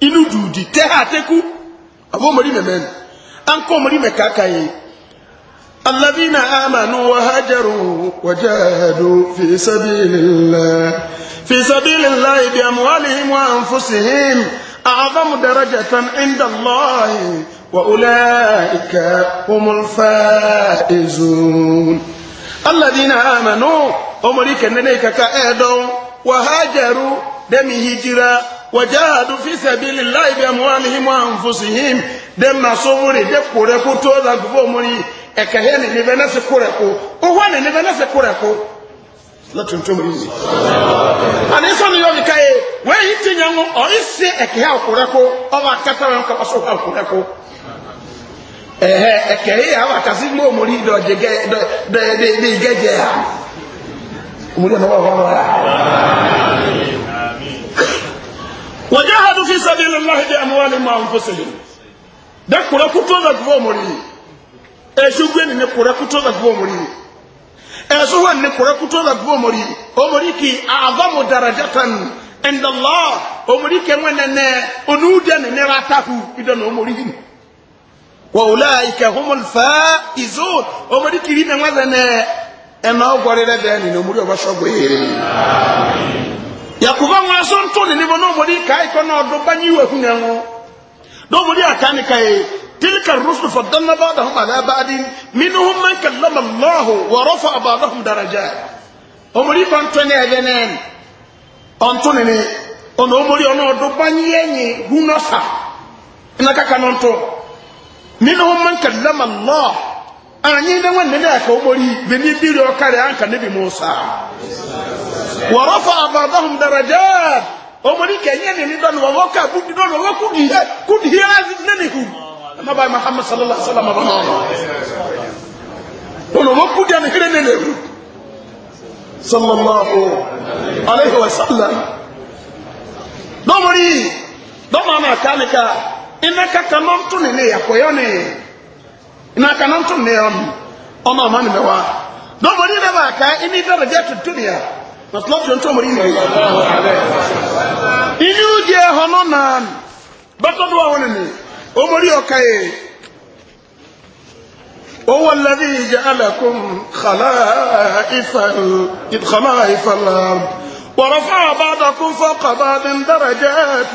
inu duudi tɛ ha teku abo mori mɛmɛn an kɔ mori mɛ kaka ye الذين آمنوا وهاجروا وجاهدوا في سبيل الله في سبيل الله بأموالهم وأنفسهم أعظم درجة عند الله وأولئك هم الفائزون الذين آمنوا أمريكا نليك كأدو وهاجروا دم هجرة وجاهدوا في سبيل الله بأموالهم وأنفسهم دم صبري دكوري كتو ذاكبو مري ekaheni ni benese kureko uhwane ni benese na lati ntumurizi aniso ni yobi kae we yiti nyango oise ekeha kureko oba katara nka paso ha kureko ehe ekehe aba kasi muri do de de ha muri wa wa وجاهدوا في سبيل الله بأموالهم وأنفسهم ده كورا كتوزا كفومري eshugwe ne kura kutoza kuwa muri esuwa ne kura kutoza kuwa muri omuriki azamu darajatan inda Allah omuriki mwene yakuba ŋa so nto ne nibo na ɔmɔdi kaa ikɔ na ɔdo banyi wa hu ne ho na ɔmɔdi aka ne ka ye tilka rusul fa danna da hum ala baadi minu hum man kallama allahu wa rafa abada hum daraja ɔmɔdi ba nto ne ɛbɛ ne ɔnto ne ne ɔna ɔmɔdi ɔna ɔdo banyi ɛnye hu na sa ɛna kaka na nto minu hum man kallama allah anyi ne wa ne ne aka ɔmɔdi bɛ ni biri ɔkari anka ne bi mu saa. ورفع بعضهم درجات ومني كان يعني ندون ووكا بدون ووكو دي كود هي ننكو ما باي محمد صلى الله عليه وسلم رحمه دون كودي دي هي ننكو صلى الله عليه وسلم دومري دوما ما كانك انك كنمت لي يا كويوني انك كنمت لي ام اما ما نبوا دومري نبا كا اني درجه الدنيا matlab yon to mari ne inu je hono nan bato do woni ni o mari o kai هو الذي جعلكم خلائف خلائف الارض ورفع بعضكم فوق بعض درجات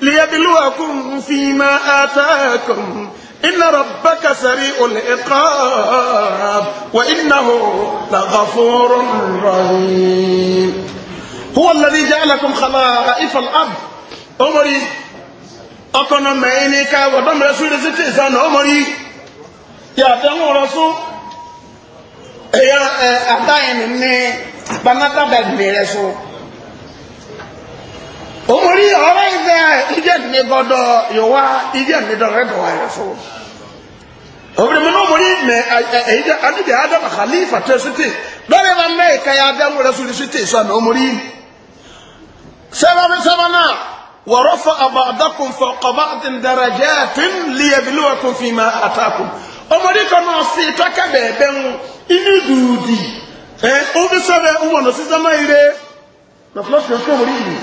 ليبلوكم فيما اتاكم إن ربك سريع العقاب وإنه لغفور رحيم هو الذي جعلكم خلائف الأرض أمري أكون مينيكا ودم رسول ستيسان أمري يا دم رسول يا أتاين مني بناتا بدمي رسول omori ọrọ ìfẹ ìjẹ ní gbọdọ yòwá ìjẹ ní dọrẹ dọwà yẹ fún obìnrin mi náà omori mẹ ẹyẹ adìdẹ adama khalifa tẹ sùtì lọrẹ ma mẹ ìkàyà adamu rẹ sùtì sùtì sọmi omori sẹbàbí sẹbànà wọrọ fọ abadakun fọ kọbaadin darajẹ tún liyabiluwa kun fi ma atakun omori kan náà fi tọkẹ bẹẹ ń inú dùdì ẹ omi sẹbẹ ń wọnà sísan náà yìí rẹ. na flash yóò kéwòrí yìí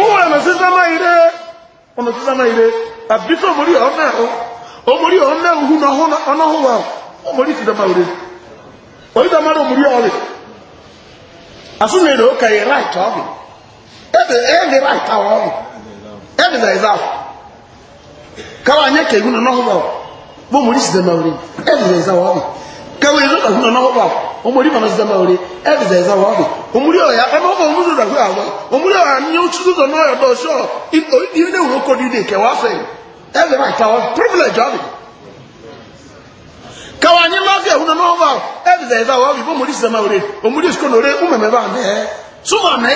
òun ẹ̀nà sísá máa ire ọ̀nà sísá máa ire àbísọ̀ òmòrí ọ̀nà ẹ̀họ́ òmòrí ọ̀nà ẹ̀hún ọ̀nà ọ̀hún wa òmòrí ti dàmà ire òyí dàmà rẹ̀ òmòrí ọ̀rẹ̀ àsúnlẹ̀ rẹ̀ ó kà yẹ ráìt ọ̀rẹ̀ ẹ̀dẹ̀ ẹ̀dẹ̀ ráìt àwọn ọ̀rẹ̀ ẹ̀dẹ̀ náà ẹ̀zá káwọn anyẹ́kẹ̀ ire kẹwé ẹzọ dàgbù náà náwó bá ọmọ rí màmá sísá máa wọlé ẹbí sẹ ẹsá wọlé ọmọ rí ọyà ọmọ fọ ọmọ sọ dàgbù àwọn ọmọ rí ọyà ní oṣù tó sọnà ọyọ dọṣọ ìdílé wò kọ dídé kẹwàá fẹ ẹbí máa ta wọn privilege ọbẹ kẹwàá ní lọ́sẹ̀ ẹ̀hún náà wà ẹbí sẹ ẹsá wọlé ọmọ rí sísá máa wọlé ọmọ rí sọkọ náà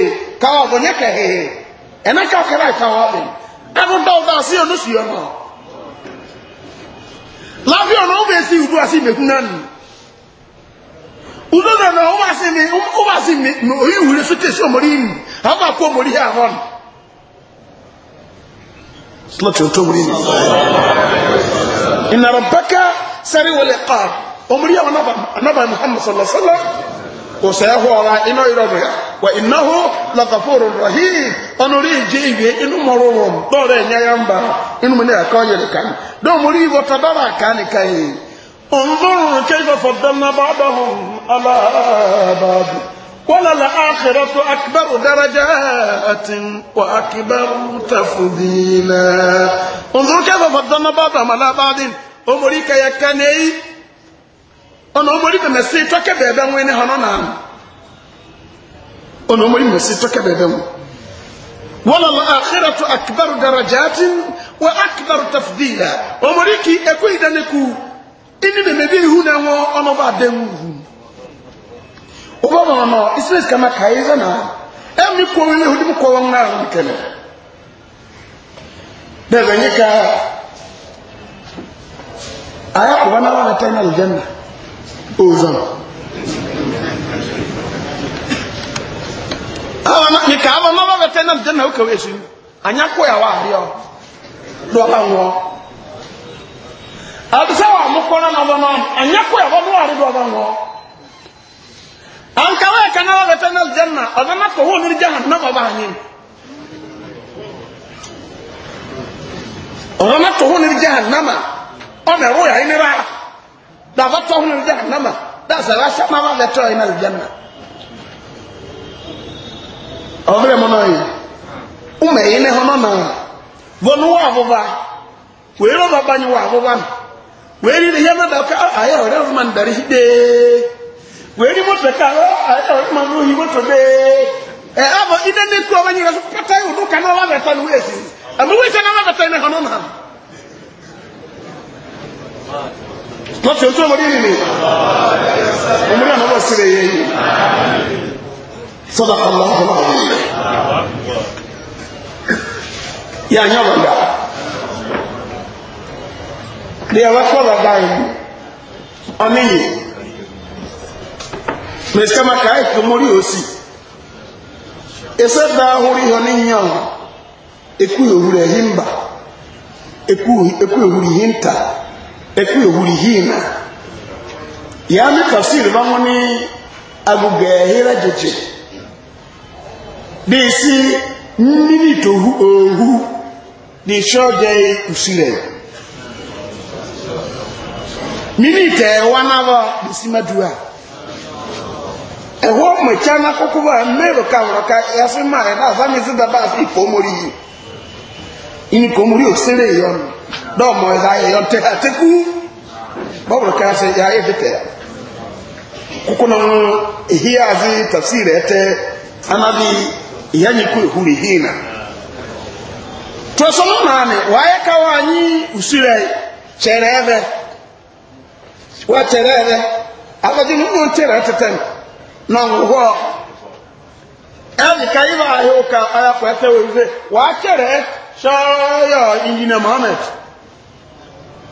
rẹ ọmọ mẹ ɛna ka kɛra ɛka hɔ ɔbɛn ɛno dɔw dɔw asi ɔno si ɔno lafi ɔno ɔbɛn si udu asi mekuna nu udu na na ɔba si mi ɔba si mi na oyi wuli so te si ɔmɔri yi mu aba kɔ ɔmɔri yi ahɔ no silati o tobiri ni inarabaka sari wale kaa ɔmɔri yi ahɔ anaba muhammad sallallahu alaihi wa sallam osɛɛhɔra ina irɔdoya wa innahu lakafurun rahim ɔnori ijeebe inu mɔrɔrɔm dɔwɛrɛ nyayamba inu ne akɔ yɛrɛ kan dɔw mori wɔta dara kan kan ye انظروا كيف فضلنا بعضهم على بعض وللآخرة أكبر درجات وأكبر تفضيلا انظروا كيف فضلنا بعضهم على بعض أمريكا يكني ọ̀nà ọmọdé mẹ̀mẹ̀ sí tọ́kẹ́ bẹ̀ẹ̀bẹ̀ wọn ní hàn náà ọ̀nà ọmọdé mẹ̀mẹ̀ sí tọ́kẹ́ bẹ̀ẹ̀bẹ̀ wọn. wọ́lọ̀ àkírà tó akibaru darajaati wọ́n akibaru tafdila ọmọdé kì í ẹkọ ìdánikù ẹni mẹ̀mẹ̀dé ihu náà wọn ọ̀nà ọba àdéhùn ihu. ọba wọn nọ israẹli kama kàyé ẹ náà ẹ mi kọ wọn ní ọdún kọ wọn náà wọn kẹlẹ. bẹẹ bẹ nyika ayakọba náà wọn àtẹ náà lè ozan awa na nyika awa na ɔba bɛtɛ nam dɛm na ɔka wɛsi anya kɔ ya wa adeɛ do ɔba nwɔ adisa wa mo kɔ na na ɔba nam anya kɔ ya wa do ɔba do ɔba nwɔ ankawa yɛ kana ɔba bɛtɛ nam dɛm na ɔba na kɔ hɔn niri gyahan nam ɔba anyi ɔba na kɔ hɔn niri gyahan nam a ɔba ɛwɔ ya ɛnira da ba tɔhu ne jahannama da sɛ ba hyɛma ba bɛ tɔɔ yi na aljanna ɔbɛrɛ mu n'oyi ume yi ne hɔn ma bɔnu wɔ aboba wei rɔba banyi wɔ aboba wei ni yɛn na da ka ayɛ ɔrɛ ɔrɛ ma n dari dee wei ni mɔtɔ ka ayɛ ɔrɛ ma n'oyi mɔtɔ dee ɛ abɔ idan ne kuro ba nyi yɛrɛ pata yi o do kana wa bɛ tɔ ni wei si ɛmɛ wei sɛ na wa bɛ tɔ yi ne wọ́n ti ojú ọmọdé nìyí ọmọdé àmọ́ bọ́ sílẹ̀ yẹn yìí sọ́dọ̀ ọmọ ọmọ ọmọ yà nyà wọ̀ dà ní ẹ̀rọ kọ́lọ̀ báyìí ọmọ yìí mẹsìkà máa kà á ètò mórí òsì ẹsẹ̀ dá ahórí yọ ní yàn ekú ìhòhùrẹ̀ yìí ń bà ekú ìhòhùrẹ̀ yìí ń tà. ekuyobulihina yami tafsiri bamwe ni agugehera jeje desi nini tohu ohu ni shoje usire mini te wanabo desimadua ɛwɔ mɛkya na koko ba mmeri ka wɔrɔka yasi ma ɛda asami si daba asi ipomori yi ini pomori osere yɔnu dɔw mɔ ɛza yɛ yɔn tɛ a tɛ ku bɔbɔ kɛra se ya yɛ fitɛ koko na ŋu ehi azi tafsi rɛ tɛ anabi yanyi ku ehu ne hi na tɔsɔn naani wɔayɛ ka wɔ anyi wa, rɛ kyerɛ ɛfɛ wɔ kyerɛ ɛfɛ afɔti mu ŋun tɛ tɛtɛ na ŋu hɔ ɛdi ka yi ba ayɛ o ka ayɛ kɔ ɛfɛ wɔ efe wɔakyerɛ sɔɔyɔ injinia mohammed.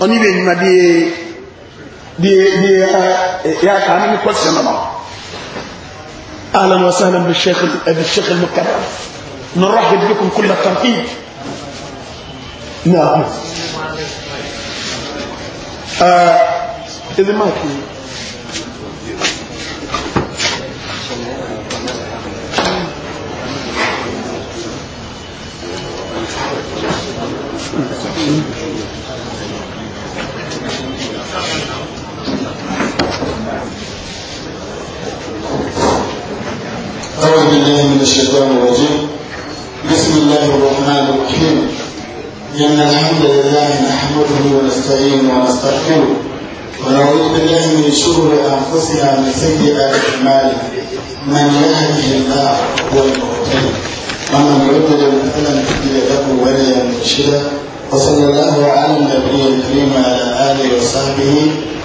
ɔne bɛ nyuma deɛ eh, deɛ deɛ yɛ aka ano ne kɔsɛn na ma أهلا وسهلا آه، بالشيخ المكرم نرحب بكم كل الترحيب نعم آه، إذا ما بالله من الشيطان الرجيم بسم الله الرحمن الرحيم إن الحمد لله نحمده ونستعينه ونستغفره ونعوذ بالله من شرور أنفسنا ومن سيئات أعمالنا من يهده الله هو المهتد ومن يضلل فلن تجد له وليا مرشدا وصلى الله على النبي الكريم وعلى آله وصحبه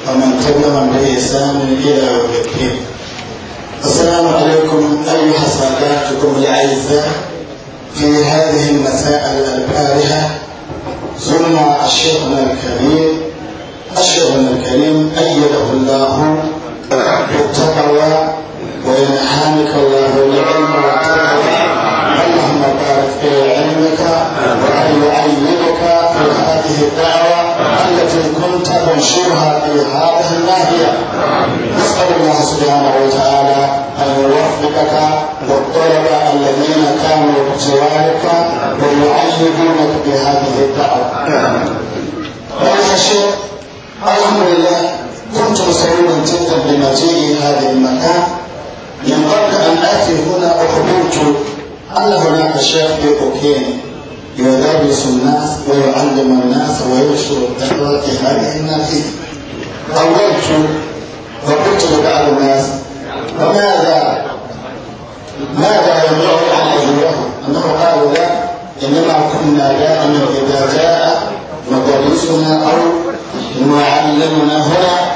ومن تبعهم بإحسان إلى يوم الدين السلام عليكم أيها ساداتكم الأعزاء في هذه المساء البارحة زرنا الشيخنا الكريم الشيخنا الكريم أيده الله بالتقوى وينحانك الله العلم والتقوى اللهم بارك في علمك وأن يعينك في هذه الدعوة ونشرها في هذه الناحية نسأل الله سبحانه وتعالى أن يوفقك والطلبة الذين كانوا بجوارك ويعلمونك بهذه الدعوة وهذا الشيء الحمد لله كنت مسرورا جدا بمجيئي هذا المكان من قبل أن آتي هنا أخبرت أن هناك شيخ في أوكيني يدرس الناس ويعلم الناس وينشر التقوى في هذه الناحية. طولت وقلت لبعض الناس وماذا ماذا يمنعه عن اجرهم انه قالوا لا انما كنا دائما اذا جاء مدرسنا او معلمنا هنا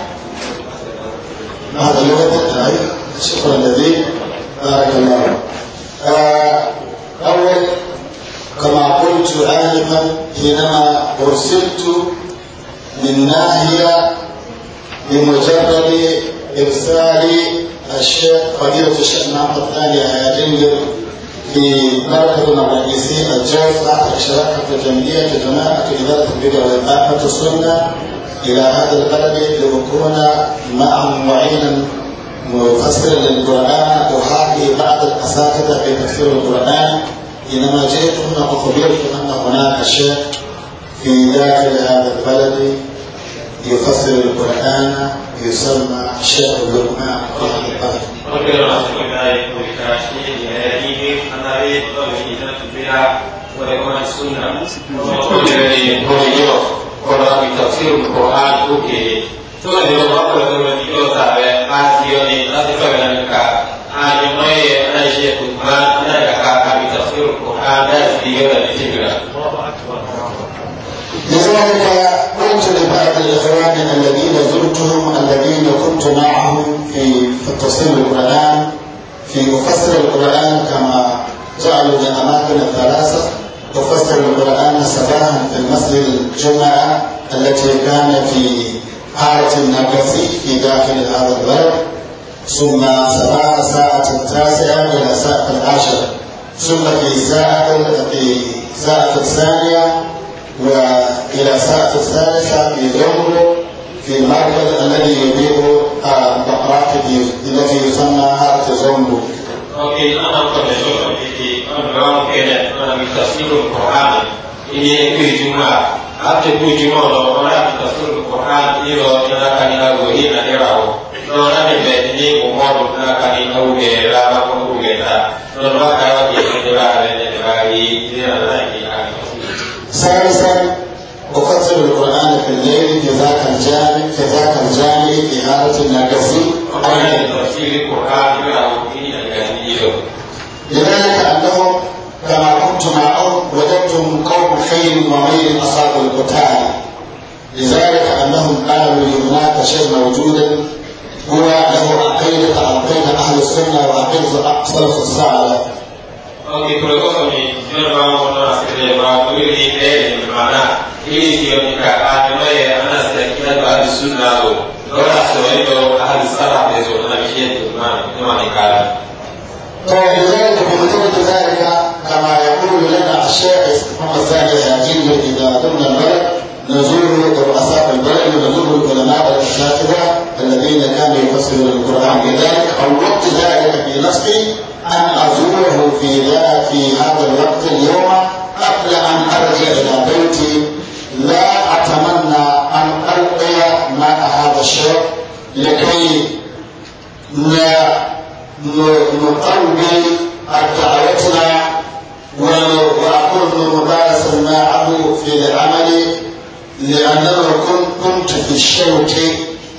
هذا لغه الشكر الذي بارك الله آه، اول كما قلت آنفا حينما أرسلت من ناحية بمجرد إرسال الشيخ فضيلة الشيخ محمد آل جنجر في مركز الرئيسي الجوفة الشراكة الجمعية جماعة إدارة البدع والإقامة السنة إلى هذا البلد لأكون معهم معينا مفسرا للقرآن أحاكي بعض الأساتذة في تفسير القرآن إنما جئتم وخبرتم أن هناك شيء في داخل هذا البلد يفسر القرآن يسمى شيخ اللقمان رحمه الله. ويكون السنة وكل الذي هو يوف قرأ بتفسير القرآن أوكي ثم يوم أقول لهم أن يوف على آسيوني لا تفعل أنك أنا ما أنا شيخ ما أنا كحاكم لذلك قلت لبعض الإخوان الذين زرتهم الذين كنت معهم في تفسير القرآن في أفسر القرآن كما جعلوا اماكن الثلاثة أفسر القرآن صباحا في المسجد الجمعة التي كان في حارة النقصي في داخل هذا البلد ثم صباح الساعة التاسعة إلى الساعة العاشرة ثم في ساعة في ساعة الثانية وإلى الساعة الثالثة في يوم في المركز الذي يبيع المقراط الذي يسمى هارت زومبو. Mungkin anak terjun di orang kena dalam tafsir Al-Quran ini kujuma atau kujuma orang dalam tafsir Al-Quran ini orang yang akan dilakukan adalah တော့လည်းပဲဒီနေ့ကိုဟောလို့နာကနေထုတ်တယ်လာတော့ထုတ်တယ်လားတော့တော့ကာဝတိဒီလာလည်းဒီလာကြီးဒီလာလည်းဒီလာကြီး ثالثا أفسر القرآن في الليل كذاك الجامع كذاك الجامع في آلة الناقصي لذلك أنهم كما كنت معهم وجدتم قوم خير وغير أصحاب القتال لذلك أنهم قالوا هناك شيء موجودا هو له عقيدة عقيدة أهل السنة وعقيدة سلف السعادة. Okay, kalau ni memang orang sekitar bahawa ini dia mana ini dia ni kata ada yang anak sekitar kita bahawa sunnah tu. Orang sekitar itu ahli salah dia tu nak bikin tu mana mana kala. فلذلك بمثابة ذلك كما يقول لنا الشيخ محمد ثاني العجيب إذا ضمن البلد نزور رؤساء البلد ونزور العلماء والأساتذة الذين كانوا يفسرون القرآن لذلك عودت ذلك في نفسي أن أزوره في في هذا الوقت اليوم قبل أن أرجع إلى بيتي لا أتمنى أن ألقي ماء هذا الشيخ لكي نقوي دعوتنا وأكون مبارسا معه في العمل لأنه كنت في الشوك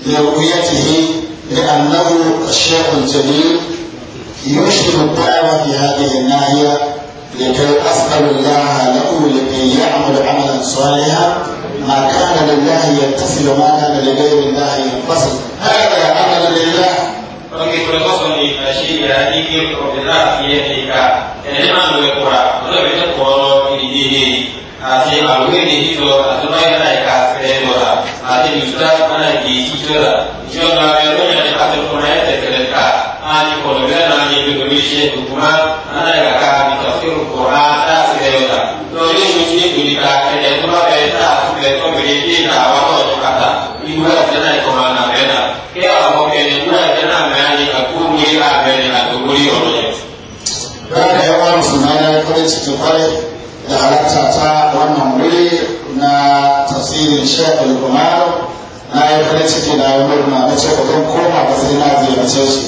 لرؤيته لأنه الشيخ الجليل يشكل الدعوة في هذه الناحية لكي أسأل الله له لكي يعمل عملا صالحا ما كان لله يتصل وما كان لغير الله ينفصل هذا عمل لله ولكن sulle ate mifta ana geji jora jona wero nyane ate kuna yete keleka ani kologana na ni bidurishe kuma ana ga ka bi tafsir qur'an ta sireyota to ni mutini dulika ede kuma beta sile to bidi na wato kata ibu ya tena iko mana bena ke amo ke ni na tena mani akuni la bene aduguri ono Baada ya wao msimama kwa kitu pale ya haraka ta wana mwili na tafsirin shekul kumar na yi ciki na yi murna na ce ba zan koma ba sai na ziyarce shi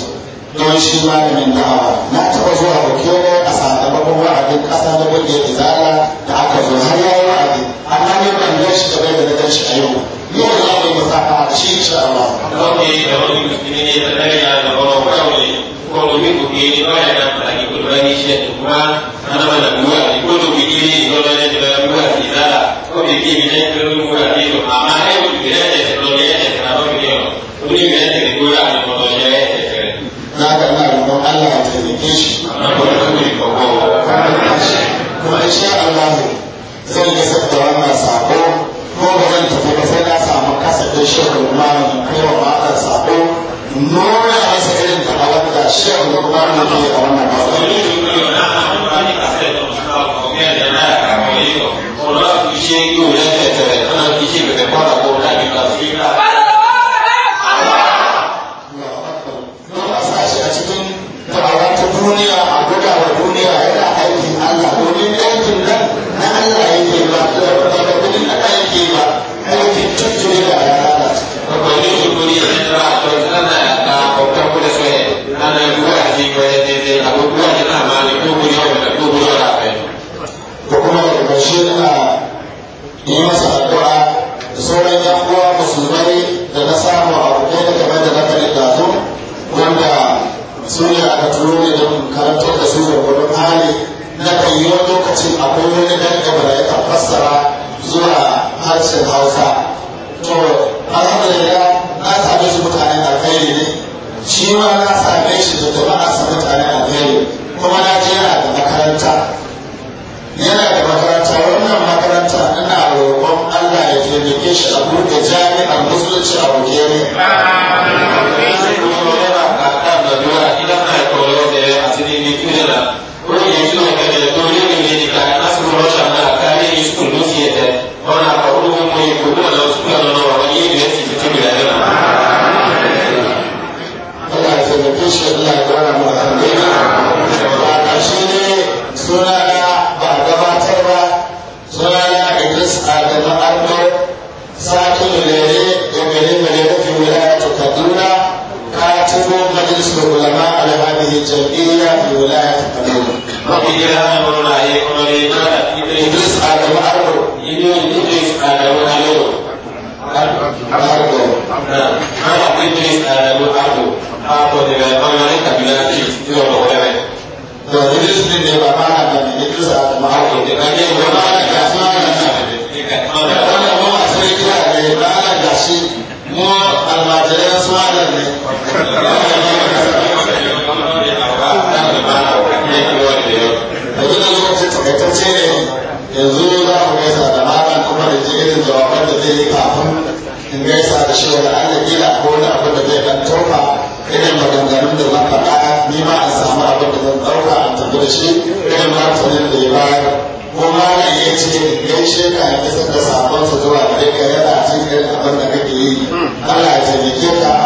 don shi malamin da'awa na taɓa zuwa da kere a sakamakon wa'adin ƙasa na buɗe izala da aka zo har ya yi wa'adi amma ne ban gan shi da bai da gan shi a yau yau da mu yi a shi insha a Wanda ya yi da wani musulmi ne da ɗaya da wani wani ko domin ku ke ba ya da ake kulbani shi kuma na mana kuma ne wani kuma insha Allah zan kasafta wannan sako ko ba zan tafi ba sai na samu kasafin shirin malamin kaiwa ma'aikar sako nuna masa irin faɗawar da shirin malamin ke a wannan kasa. abin da kake yi hmm. Allah ya taimake ka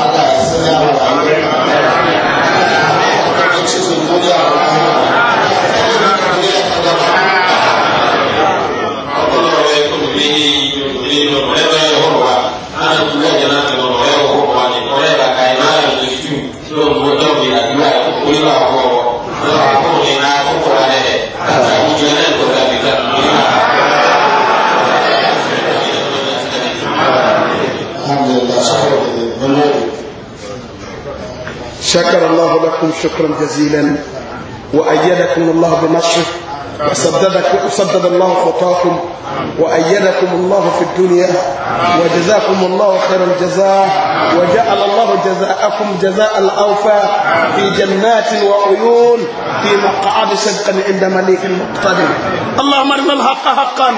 شكر الله لكم شكرا جزيلا وأيدكم الله بنصره وسدد الله خطاكم وأيدكم الله في الدنيا وجزاكم الله خير الجزاء وجعل الله جزاءكم جزاء الأوفى في جنات وعيون في مقعد صدق عند مليك مقتدر اللهم ارنا الحق حقا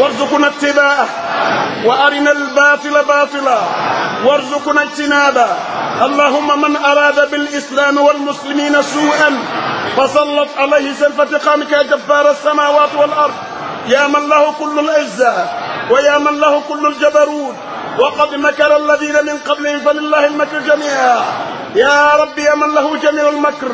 وارزقنا اتباعه وارنا الباطل باطلا وارزقنا اجتنابه اللهم من أراد بالإسلام والمسلمين سوءا فسلط عليه سلف انتقامك يا جبار السماوات والأرض يا من له كل العزة ويا من له كل الجبروت وقد مكر الذين من قبلهم فلله المكر جميعا يا رب يا من له جميع المكر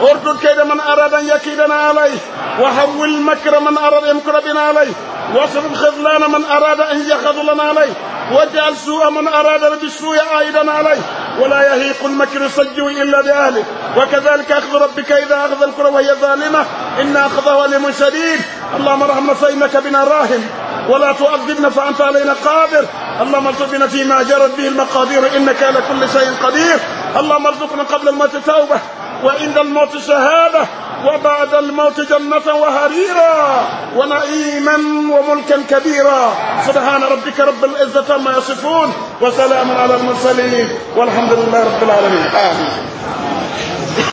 اردد كيد من أراد أن يكيدنا عليه وحول مكر من أراد أن يمكر بنا عليه واصرف خذلان من أراد أن يخذلنا عليه واجعل سوء من أراد بالسوء عائدا عليه ولا يهيق المكر السجو إلا بأهله وكذلك أخذ ربك إذا أخذ الكرة وهي ظالمة إن أخذه أليم شديد اللهم ارحمنا فإنك بنا راهم ولا تؤذبنا فأنت علينا قادر اللهم ارزقنا فيما جرت به المقادير إنك على كل شيء قدير اللهم ارزقنا قبل الموت توبة وعند الموت شهادة وبعد الموت جنة وهريرا ونعيما وملكا كبيرا سبحان ربك رب العزة ما يصفون وسلام على المرسلين والحمد لله رب العالمين آمين